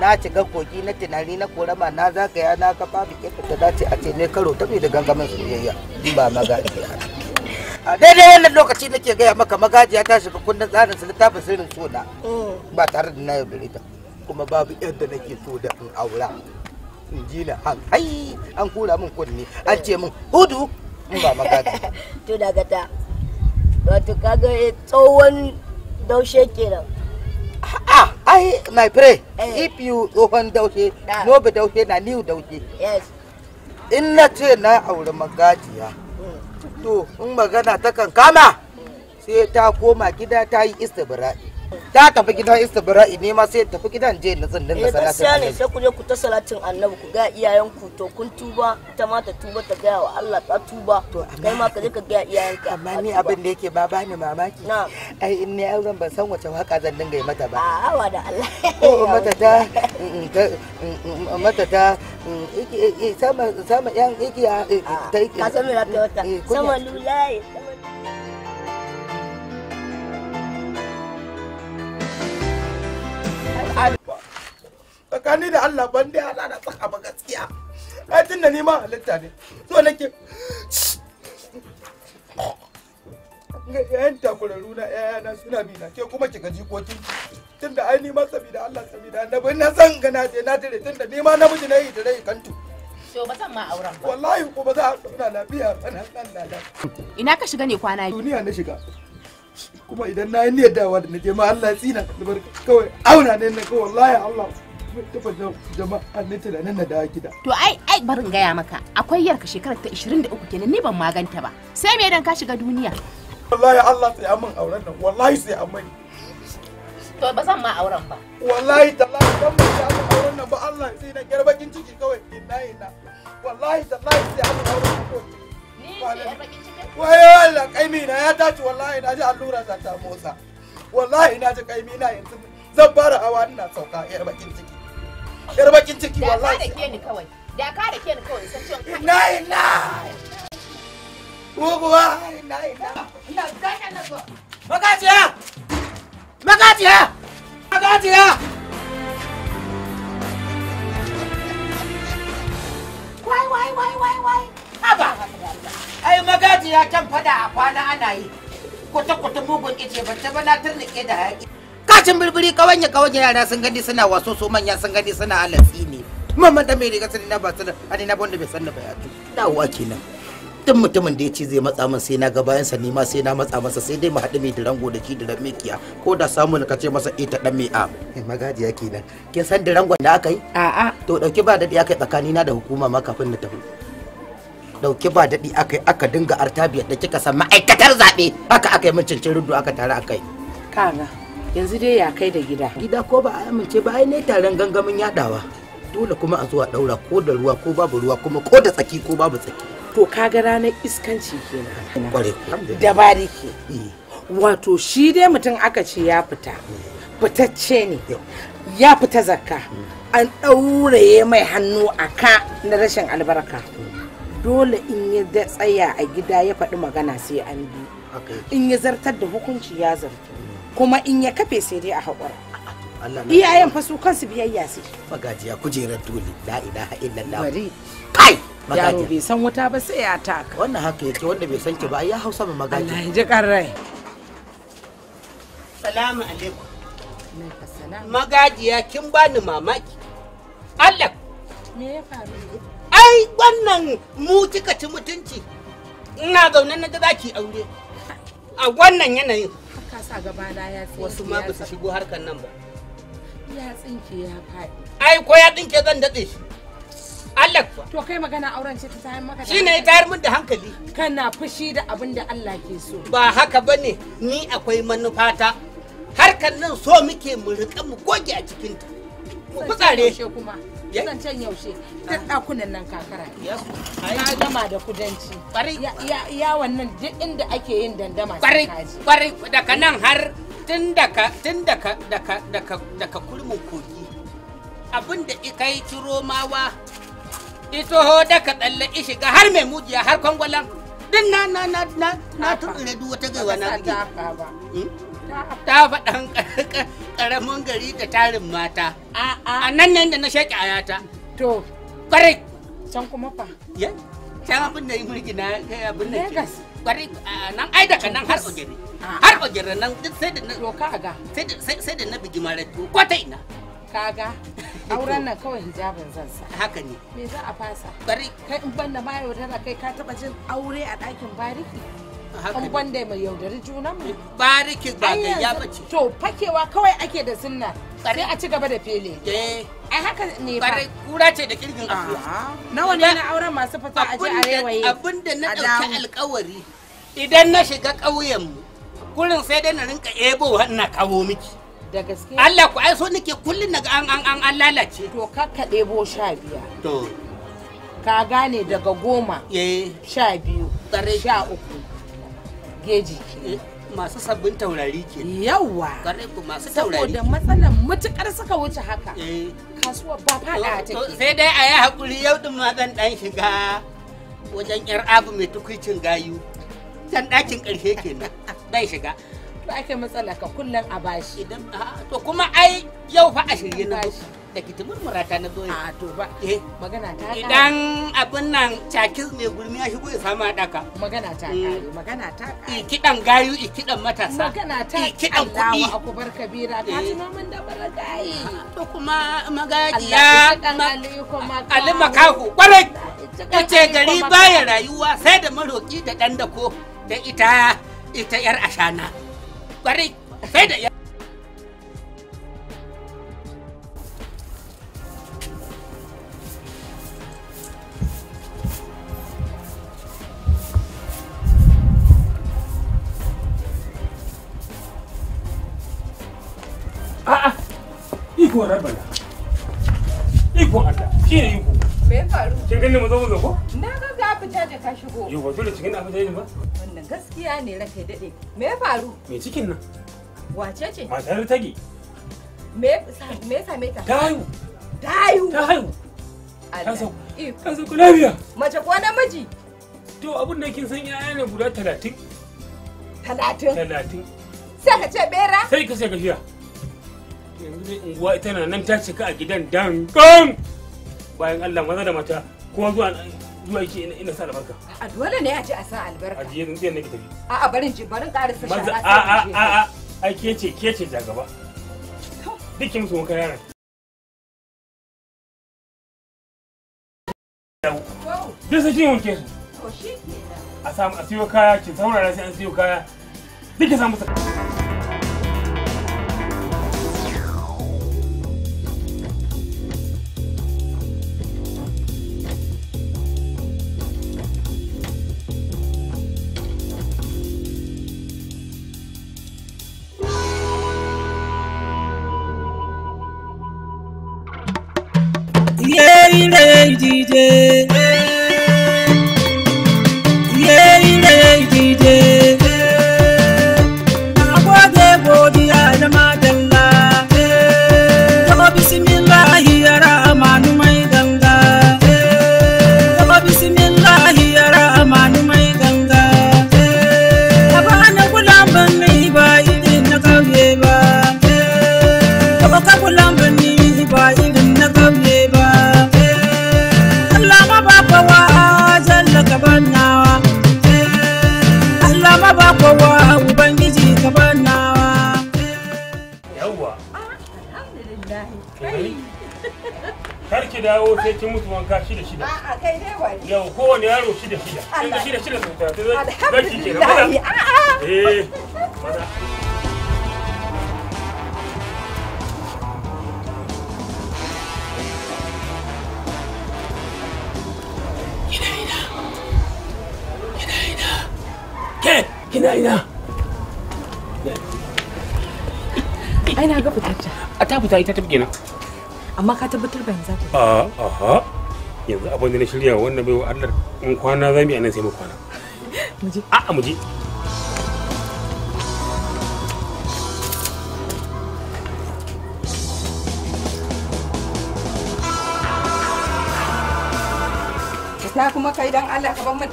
na ci gaggogi na tunani na korama na ya na kafa da kefa ta dace a ce ne karo ta da gangamin soyayya ba magajiya a daidai wannan lokaci nake gaya maka magajiya ta shiga kundin tsarin su littafin sirrin suna mm. ba tare da na yaudare ta kuma babu yadda nake so da in aura in ji na an ai an kura min kunni an ce min hudu in ba magajiya (laughs) to daga ta wato kaga eh, tsohon daushe kenan ah i my pray eh. if you tsohon daushe no be daushe na new daushe yes in na ce na aure magajiya hmm. to in magana ta kama sai ta koma gida ta yi istibira'i ta tafi gidan istibra'i ne ma sai tafi gidan je na zan dinga eh, salatin gaskiya ne sai ku je ku ta salatin annabi ku ga iyayen ku to kun tuba ita ma ta tuba ta gaya wa Allah ta tuba to kai ma ka je ka ga iyayen ka amma ni abin da yake ba bani mamaki ai in ne zan ban san wace waka zan dinga yi mata ba a hawa da Allah ko mata ta mm, mm, mm, mata ta sama sama yan igiya ta yi ka san me na ta wata eh, sama lulaye al'ada ba tsakani da Allah ban dai hada da tsaka ba gaskiya ai tunda ni ma halitta ne so nake ga yayan takurarru na yayana suna bi na ke kuma ki gaji koki tunda ai ni ma sabida Allah sabida annabi na san ga na je na tare tunda ni ma namiji na yi tare kantu to ba zan ma auren ba wallahi ko ba za a tsana lafiya ina ka shiga ne kwana duniya na shiga kuma idan na yi niyyar dawa da na je ma Allah tsina albarka kawai auna ne na kawai wallahi Allah tafa jama'a ne tunanin na dawo gida. To ai ai barin gaya maka akwai yarka shekarar ta 23 kenan ni ban maganta ba sai me dan ka shiga duniya. Wallahi Allah sai amin auren nan wallahi sai amin. To ba zan ma auren ba. Wallahi tallahi dan ba zan ma auren nan ba Allah sai na gyar bakin ciki kawai ina ina. Wallahi tallahi sai amin auren nan. Ni sai bakin ciki. wayo Allah kaimi na ya tashi wallahi na ji allura za ta motsa wallahi na ji kaimi na yanzu zan fara hawa ina sauka yar bakin ciki yar bakin ciki wallahi da ke ni kawai da ka da ke ni kawai san cewa ina ina uguwa ina ina ina zaka na zo magajiya magajiya magajiya wai magajiya can fada a kwana ana yi kwata-kwata mugun ice ba ta bana turnike da haƙi kacin birbiri kawanya kawanya yara sun gani suna waso so manya sun gani suna alatsi ne mamman da mai riga sani na ba sani ani na wanda bai san da bayatu dawowa kenan duk mutumin da ya ce zai matsa min sai na ga bayansa ni ma sai na matsa masa sai dai mu haɗu mai dirango da ki diran mekiya ko da samu na kace masa ita dan mai a mai eh, magajiya kenan kin san dirangon da aka yi a'a to dauki ba da aka tsakani tsakanina da hukuma ma kafin na tafi dauke ba daɗi aka yi aka dinga artabiyar da kika san ma'aikatar zaɓe haka aka yi min cincin aka tare aka yi. kaga yanzu dai ya kai da gida. gida ko ba a amince ba ai ne taron gangamin yaɗawa dole kuma a zuwa daura ko da ruwa ko babu ruwa kuma ko da tsaki ko babu tsaki. to kaga ranar iskanci kenan. kware dabari ke. wato shi dai mutum aka ce ya fita eh. fitacce ne ya fita zakka hmm. an ɗauraye mai hannu a ka na rashin albarka. Hmm. dole in ya tsaya a gida ya faɗi magana sai an bi in ya zartar da hukunci ya zartu hmm. kuma in ya kafe sai dai a haƙura iyayen fa su kansu biyayya su magajiya kujerar dole la ilaha illallah bari kai yaro bai san wuta ba sai ya taka wannan haka yake wanda bai san ki ba ya hausa mai magajiya. Allah ya ji rai salamu alaikum magajiya kin bani mamaki Allah me ya faru ai wannan mu kika ci mutunci ina zaune na ga zaki aure a wannan yanayin ka sa gaba da ya tsinke wasu ma ba su shigo harkan nan ba ya tsinke ya fadi ai ko ya tsinke zan dade shi Allah kuwa to kai magana auren ce ta tayar maka da shine ya tayar min da hankali kana fushi da abin da Allah ke so ba haka bane ni akwai manufata harkan nan so muke mu riƙa mu goge a cikin ta kutsare zancen yaushe duk nan kakara na gama da kudanci ya wannan duk inda ake yin dandama kwarai daga nan har tun daga tun daga daga daga daga ika yi ciro mawa ito ho daga tsalle ga har mai mujiya har kwangwalan din na na na na na tun wata gaiwa na hmm? ta faɗan karamin gari da tarin mata a nan nan da na shaƙi ayata to kwarai can kuma fa ya can abin da yi mulki na abin da ke kwarai nan ai daga nan har ogere har ogere nan duk sai da na kaga sai da na bigi ko ta ina kaga (laughs) auren nan kawai hijabin zan sa haka ne me za a fasa bari kai in banda ma yaudara kai ka taba jin aure a ɗakin bariki kan wanda mai yaudari junan mu ba rike ba ga ya bace to fakewa kawai ake da sunna sai a ci gaba da fele eh ai haka ne ba kura ce da kirgin asuwa ah. nawa ne na auren masu fata aje a rewaye abinda na dauki alkawari idan na shiga ƙauyen mu kurin sai dai na rinka ebo na kawo miki da gaske Allah ku ai so nake kullun naga an an an lalace to kakka ɗebo sha biya to ka gane daga goma eh. sha biyu sha uku geji eh, masu sabbin taurari ke yawa masu taurari saboda matsalar matukar suka wuce haka eh. kasuwa ba fada ta sai dai a yi hakuri yau din ma zan dan shiga wajen yar abu mai tukuicin gayu dan dakin karshe kenan dan (laughs) shiga ba ake matsala ka kullum a bashi idan to kuma ai yau fa a shirye na bashi da ki murmura ta na zo a to ba eh magana ta idan abin nan cakis mai gurmi ya shigo ya samu daka magana ta kare eh. magana ta kare kidan gayu kidan matasa magana ta kidan kudi Allahu bar kabira ka eh. tuno mun da bar gayi. to kuma magadi magajiya Ali Makahu kwarai ce gari baya rayuwa sai da maroki da dan ko da ita ita yar ashana kwarai sai da iko rabana, iko Allah, shi ne iko. Me faru? Kin gani mu zo mu zo ko? Na ga ga fita da ka shigo. dole fita ne ba? gaskiya ne ranka daɗe me ya faru me cikin nan wace ce matar tagi me me same ta ta haihu ta haihu ta haihu ta sauku lafiya mace ko namiji to abin da kin san yaya ne guda talatin talatin talatin sai ka ce bera sai ka sai ka shiya yanzu dai unguwa tana nan ta cika a gidan dan bayan Allah maza da mata ko zuwa zuwa yake ina sa albarka a dole ne a ji a sa albarka a ji yanzu yanzu nake tafi a a barin ji barin karasa shi a a a a ai ke ce ke ce jagaba duk musu wanka yaran duk sai kin wanke su a samu a siyo kaya ki saurara sai an siyo kaya duk ki samu sa did. Allah. Shi na shi A'a. ina ai na ga fitarta a ta fita ita ta kenan amma ka tabbatar ba yanzu ta a aha yanzu abin da na shirya wannan baiwa Allah in kwana za mu yi anan sai mu kwana (laughs) muje a'a muje ta kuma kai dan Allah ka bar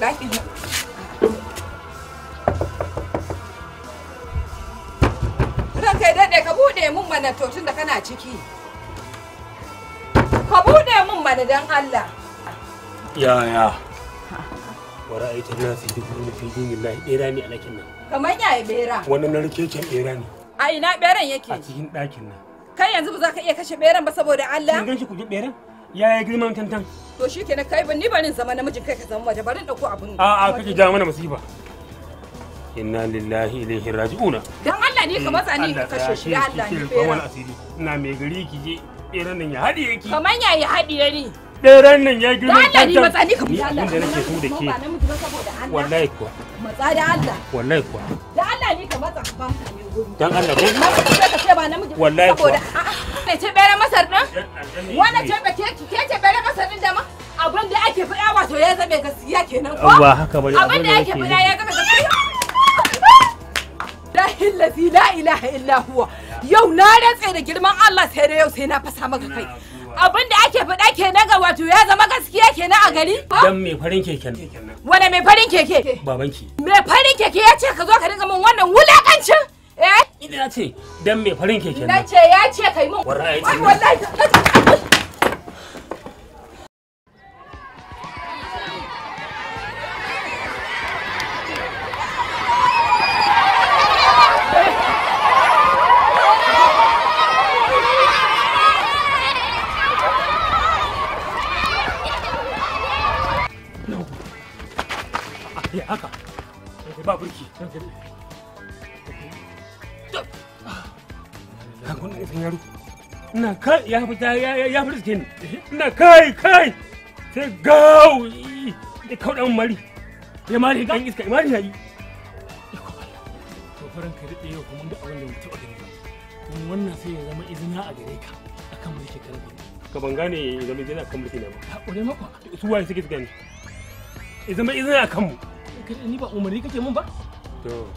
Ran kai buɗe mun mana mun mana dan Allah. Ya ya. a yi ta na fi dubu ni fi na. lahi ne a lakin nan. Kamar ya yi bera. Wani na rike can ne. A ina beran yake? A cikin ɗakin nan. Kai yanzu ba za ka iya kashe beran ba saboda Allah. Kin ganshi ku ji beran? Ya yi girman tantan. To shi kenan kai ba ni barin zama namijin kai ka zama waje barin ɗauko abin. A'a kake ja mana masifa. inna lillahi ilaihi raji'una dan Allah ne ka matsa ni hmm, ka kashe shi Allah ne fera ina mai gari ki je irin nan ya haɗiye ki kaman yayi hadiye ni ɗeran nan ya girma ta ta matsa ni ka fita Allah abin da nake so da ke wallahi kuwa matsa da Allah wallahi kuwa da Allah ni ka matsa ba ka ne gurin dan Allah ko matsa ka ce ba namiji wallahi saboda a' ce bere masar din wannan ce ba ke ke ce bere masar din da ma abin da ake faɗa wato ya zabe gaskiya kenan ko ba haka bane abin da ake faɗa ya zabe gaskiya la ilaha illa huwa yau na rantse da girman Allah sai da yau sai na fasa maka kai abin da ake faɗa kenan ga wato ya zama gaskiya kenan a gari dan mai farin keke Wane mai farin keke babanki mai farin keke ya ce ka zo ka dinga min wannan wulakancin eh ina ce dan mai farin keke nan. ce ya ce kai min wallahi ina kai ya fita ya fita ni ina kai kai sai gawo da kauɗan mari ya mari kan iska ya mari yayi to faran ka daɗe yau kuma duk abin da mutum a gani kuma wannan sai ya zama izina a gare ka akan mulki ka rabu ka ban gane ya zama izina akan mulki na ba haƙuri mako su waye suke gani ya zama izina akan mu ni ba umarni kake mun ba to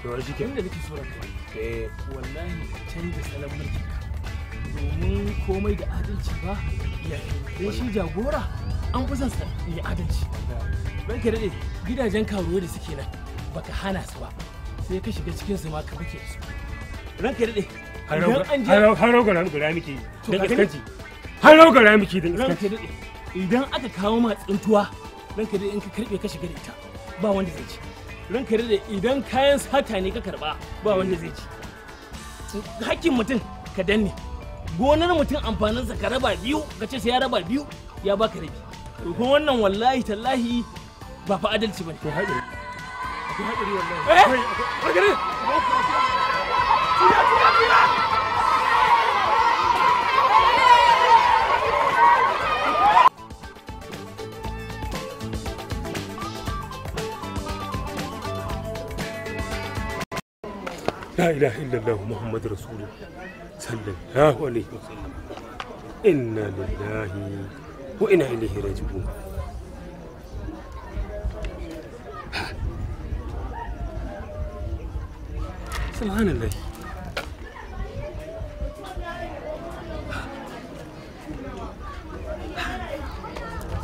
to shi ke da kake so ranka eh wallahi canza salon mulki domin komai da adalci ba ya eh, don shi jagora an fi son ya adalci don ka daɗe gidajen karuwa da suke nan baka hana su ba sai ka shiga cikin su ma ka kuke su ran ka daɗe har rogara gara muke yi don askanci har rogara muke don askanci idan aka kawo ma tsintuwa ran ka daɗe in ka karɓe ka shiga da ita ba wanda zai ci ran ka daɗe idan kayan sata ne ka karɓa ba wanda zai ci hakkin mutum ka danne gonar mutum amfaninsa ka raba biyu ka ce sai ya raba biyu ya baka rabi to kuma wannan wallahi tallahi ba fa adalci bane to haɗari haɗari wallahi eh لا إله إلا الله محمد رسول الله صلى الله عليه وسلم إنا لله وإنا إليه راجعون سبحان الله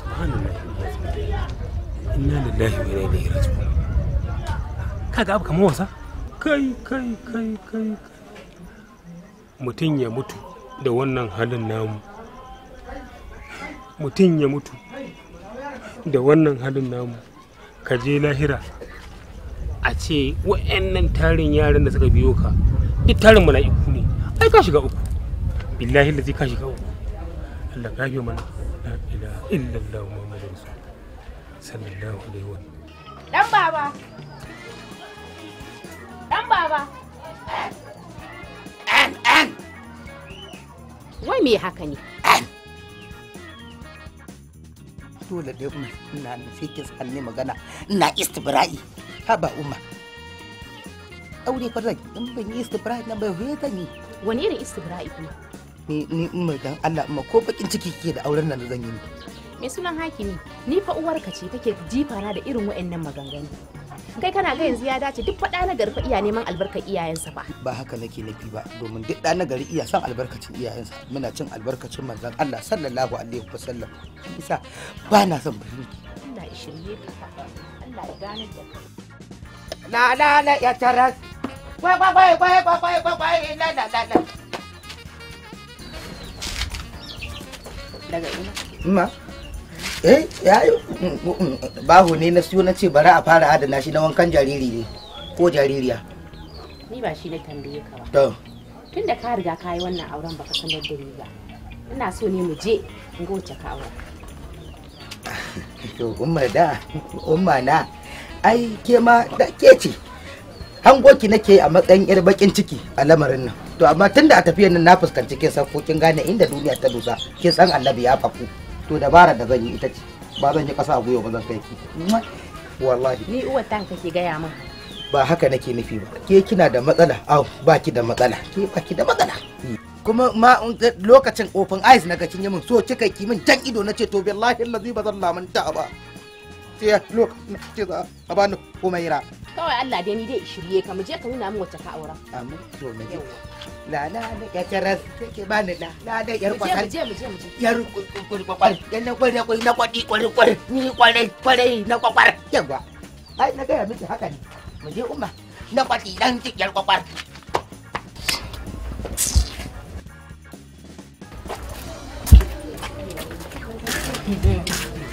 سبحان الله إنا لله وإنا إليه راجعون كاك أبكى موسى kai kai kai kai mutum ya mutu da wannan halin namu mutum ya mutu da wannan halin namu ka je lahira a ce wa'annan tarin yaran da suka biyo ka duk tarin mala'iku ne ai ka shiga uku billahi da zai ka shiga uku Allah ka biyo mana la Dan baba. An an. Wai me haka ne? An. Dole dai umma ina nufi ki tsanni magana na istibra'i. Haba umma. Aure fa zan in ban yi istibra'i na bai huye ta ni. Wani irin istibra'i kuma? Ni ni umar dan Allah umma ko bakin ciki ke da auren nan da zan yi ni. mai sunan hakimi? Ni fa uwarka ce take jifana da irin wa'annan maganganu. kai kana ga yanzu ya dace duk faɗa na garfa iya neman albarkar iyayensa ba ba haka nake nufi ba domin duk ɗana gari iya san albarkacin iyayensa muna cin albarkacin manzon Allah sallallahu alaihi wasallam isa ba na son birni Allah ya shirye ka Allah ya gane da kai la la la ya taras wai wai wai wai wai wai wai la la la la daga ina ma eh ya yi baho ne na siyo na ce bari a fara adana shi na wankan jariri ne ko jaririya ni ba shi na tambaye ka ba to tun da ka riga ka yi wannan auren baka sanar da ni ba ina so ne mu je in ga wace kawo aura (laughs) to umma da umma na ai ke ma da ke ce hangoki nake a matsayin yar bakin ciki a lamarin nan to amma tunda a tafiyar nan na fuskanci kin san ko kin gane inda duniya ta dosa kin san annabi ya faku to dabara da gani ita ce ba zan yi kasa a gwiwa ba zan kai ki wallahi ni uwar ta kake gaya min ba haka nake nufi ba ke kina da matsala au ba ki da matsala ke ba ki da matsala kuma ma eh, lokacin open eyes na ga kin yi min so kika ki min jan ido na ce to billahi allazi ba zan lamunta ba sai lokacin ce za a bani humaira kawai Allah dai ni dai shirye ka mu je ka nuna min wacce ka aura amin to na je la la la ya taras take bani la la da yar kwakwal je mu je mu je yar kwakwal dan na kwakwal kwakwal na kwadi kwakwal kwakwal ni kwakwal kwakwal na kwakwal yawa ai na ga miki haka ne mu je umma na kwadi dan ki yar kwakwal Mm-hmm.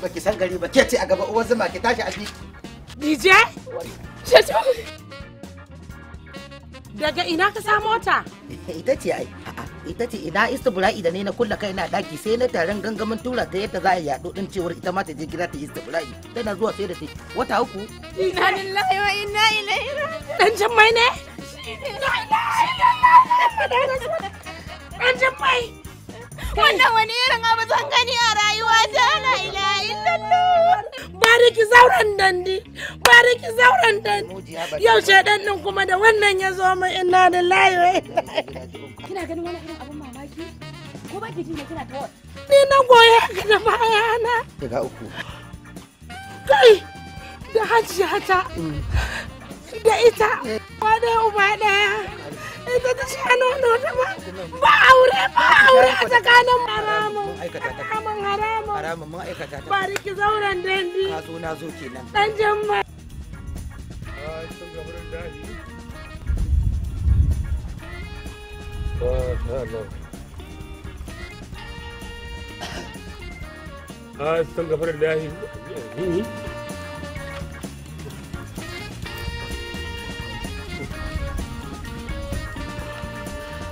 ba ki san gari ba ke ce a gaba uwar zuma ki tashi a DJ? Daga ina ka sa mota? Ita ce ai. Ita ce ina bura'i da ne na kulla kai na daki sai na taron gangamin tura ta yadda za a yi din cewar ita ma ta je gida ta istibula'i. Tana zuwa sai da ta wata uku. Ina lillahi wa inna ilaihi raji'un. Dan jammai ne? Shi ne. Dan jammai. Wannan wani irin abu zan gani a rayuwa ta la ilaha illallah. Bariki zauren dandi, bariki zauren dandi. Yau dan din kuma da wannan ya zo mu inna lillahi wa inna Kina ganin wani irin abun mamaki? Ko ba ki jinda kina tawa Ni na goya ka da bayana. Daga uku. Kai da hajjata Da ita. wa da uba daya. ita ta sha nono ta ba ba aure ba aure a tsakanin haramun haramun haramun haramun mun aikata ta bari ki zauren dandi ka zo na zo kenan dan jamma Ah, estão gravando ali.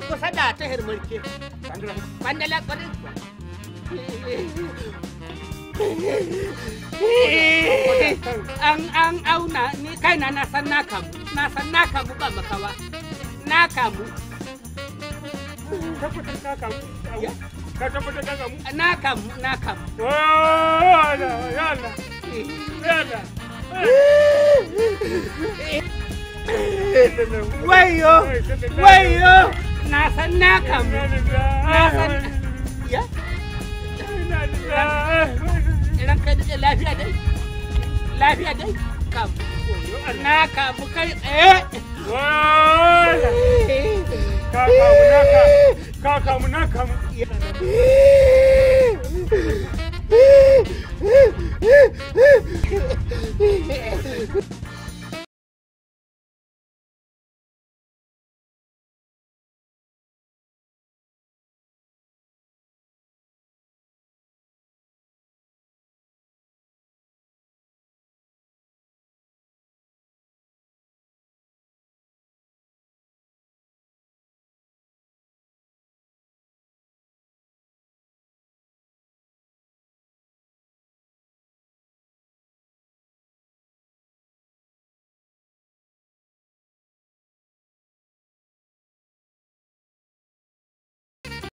nan kusa da ta hirmarke bandala an auna ni kaina na san kamu na san na kamu ba makawa na kamu tabbatar kamu ka tabbatar kamu na kamu na kamu oh, yalla yalla yalla Wayo! Wayo! na san na kam na san ya ran kai duke lafiya dai lafiya dai kam na kamu kai tsaye ka (laughs)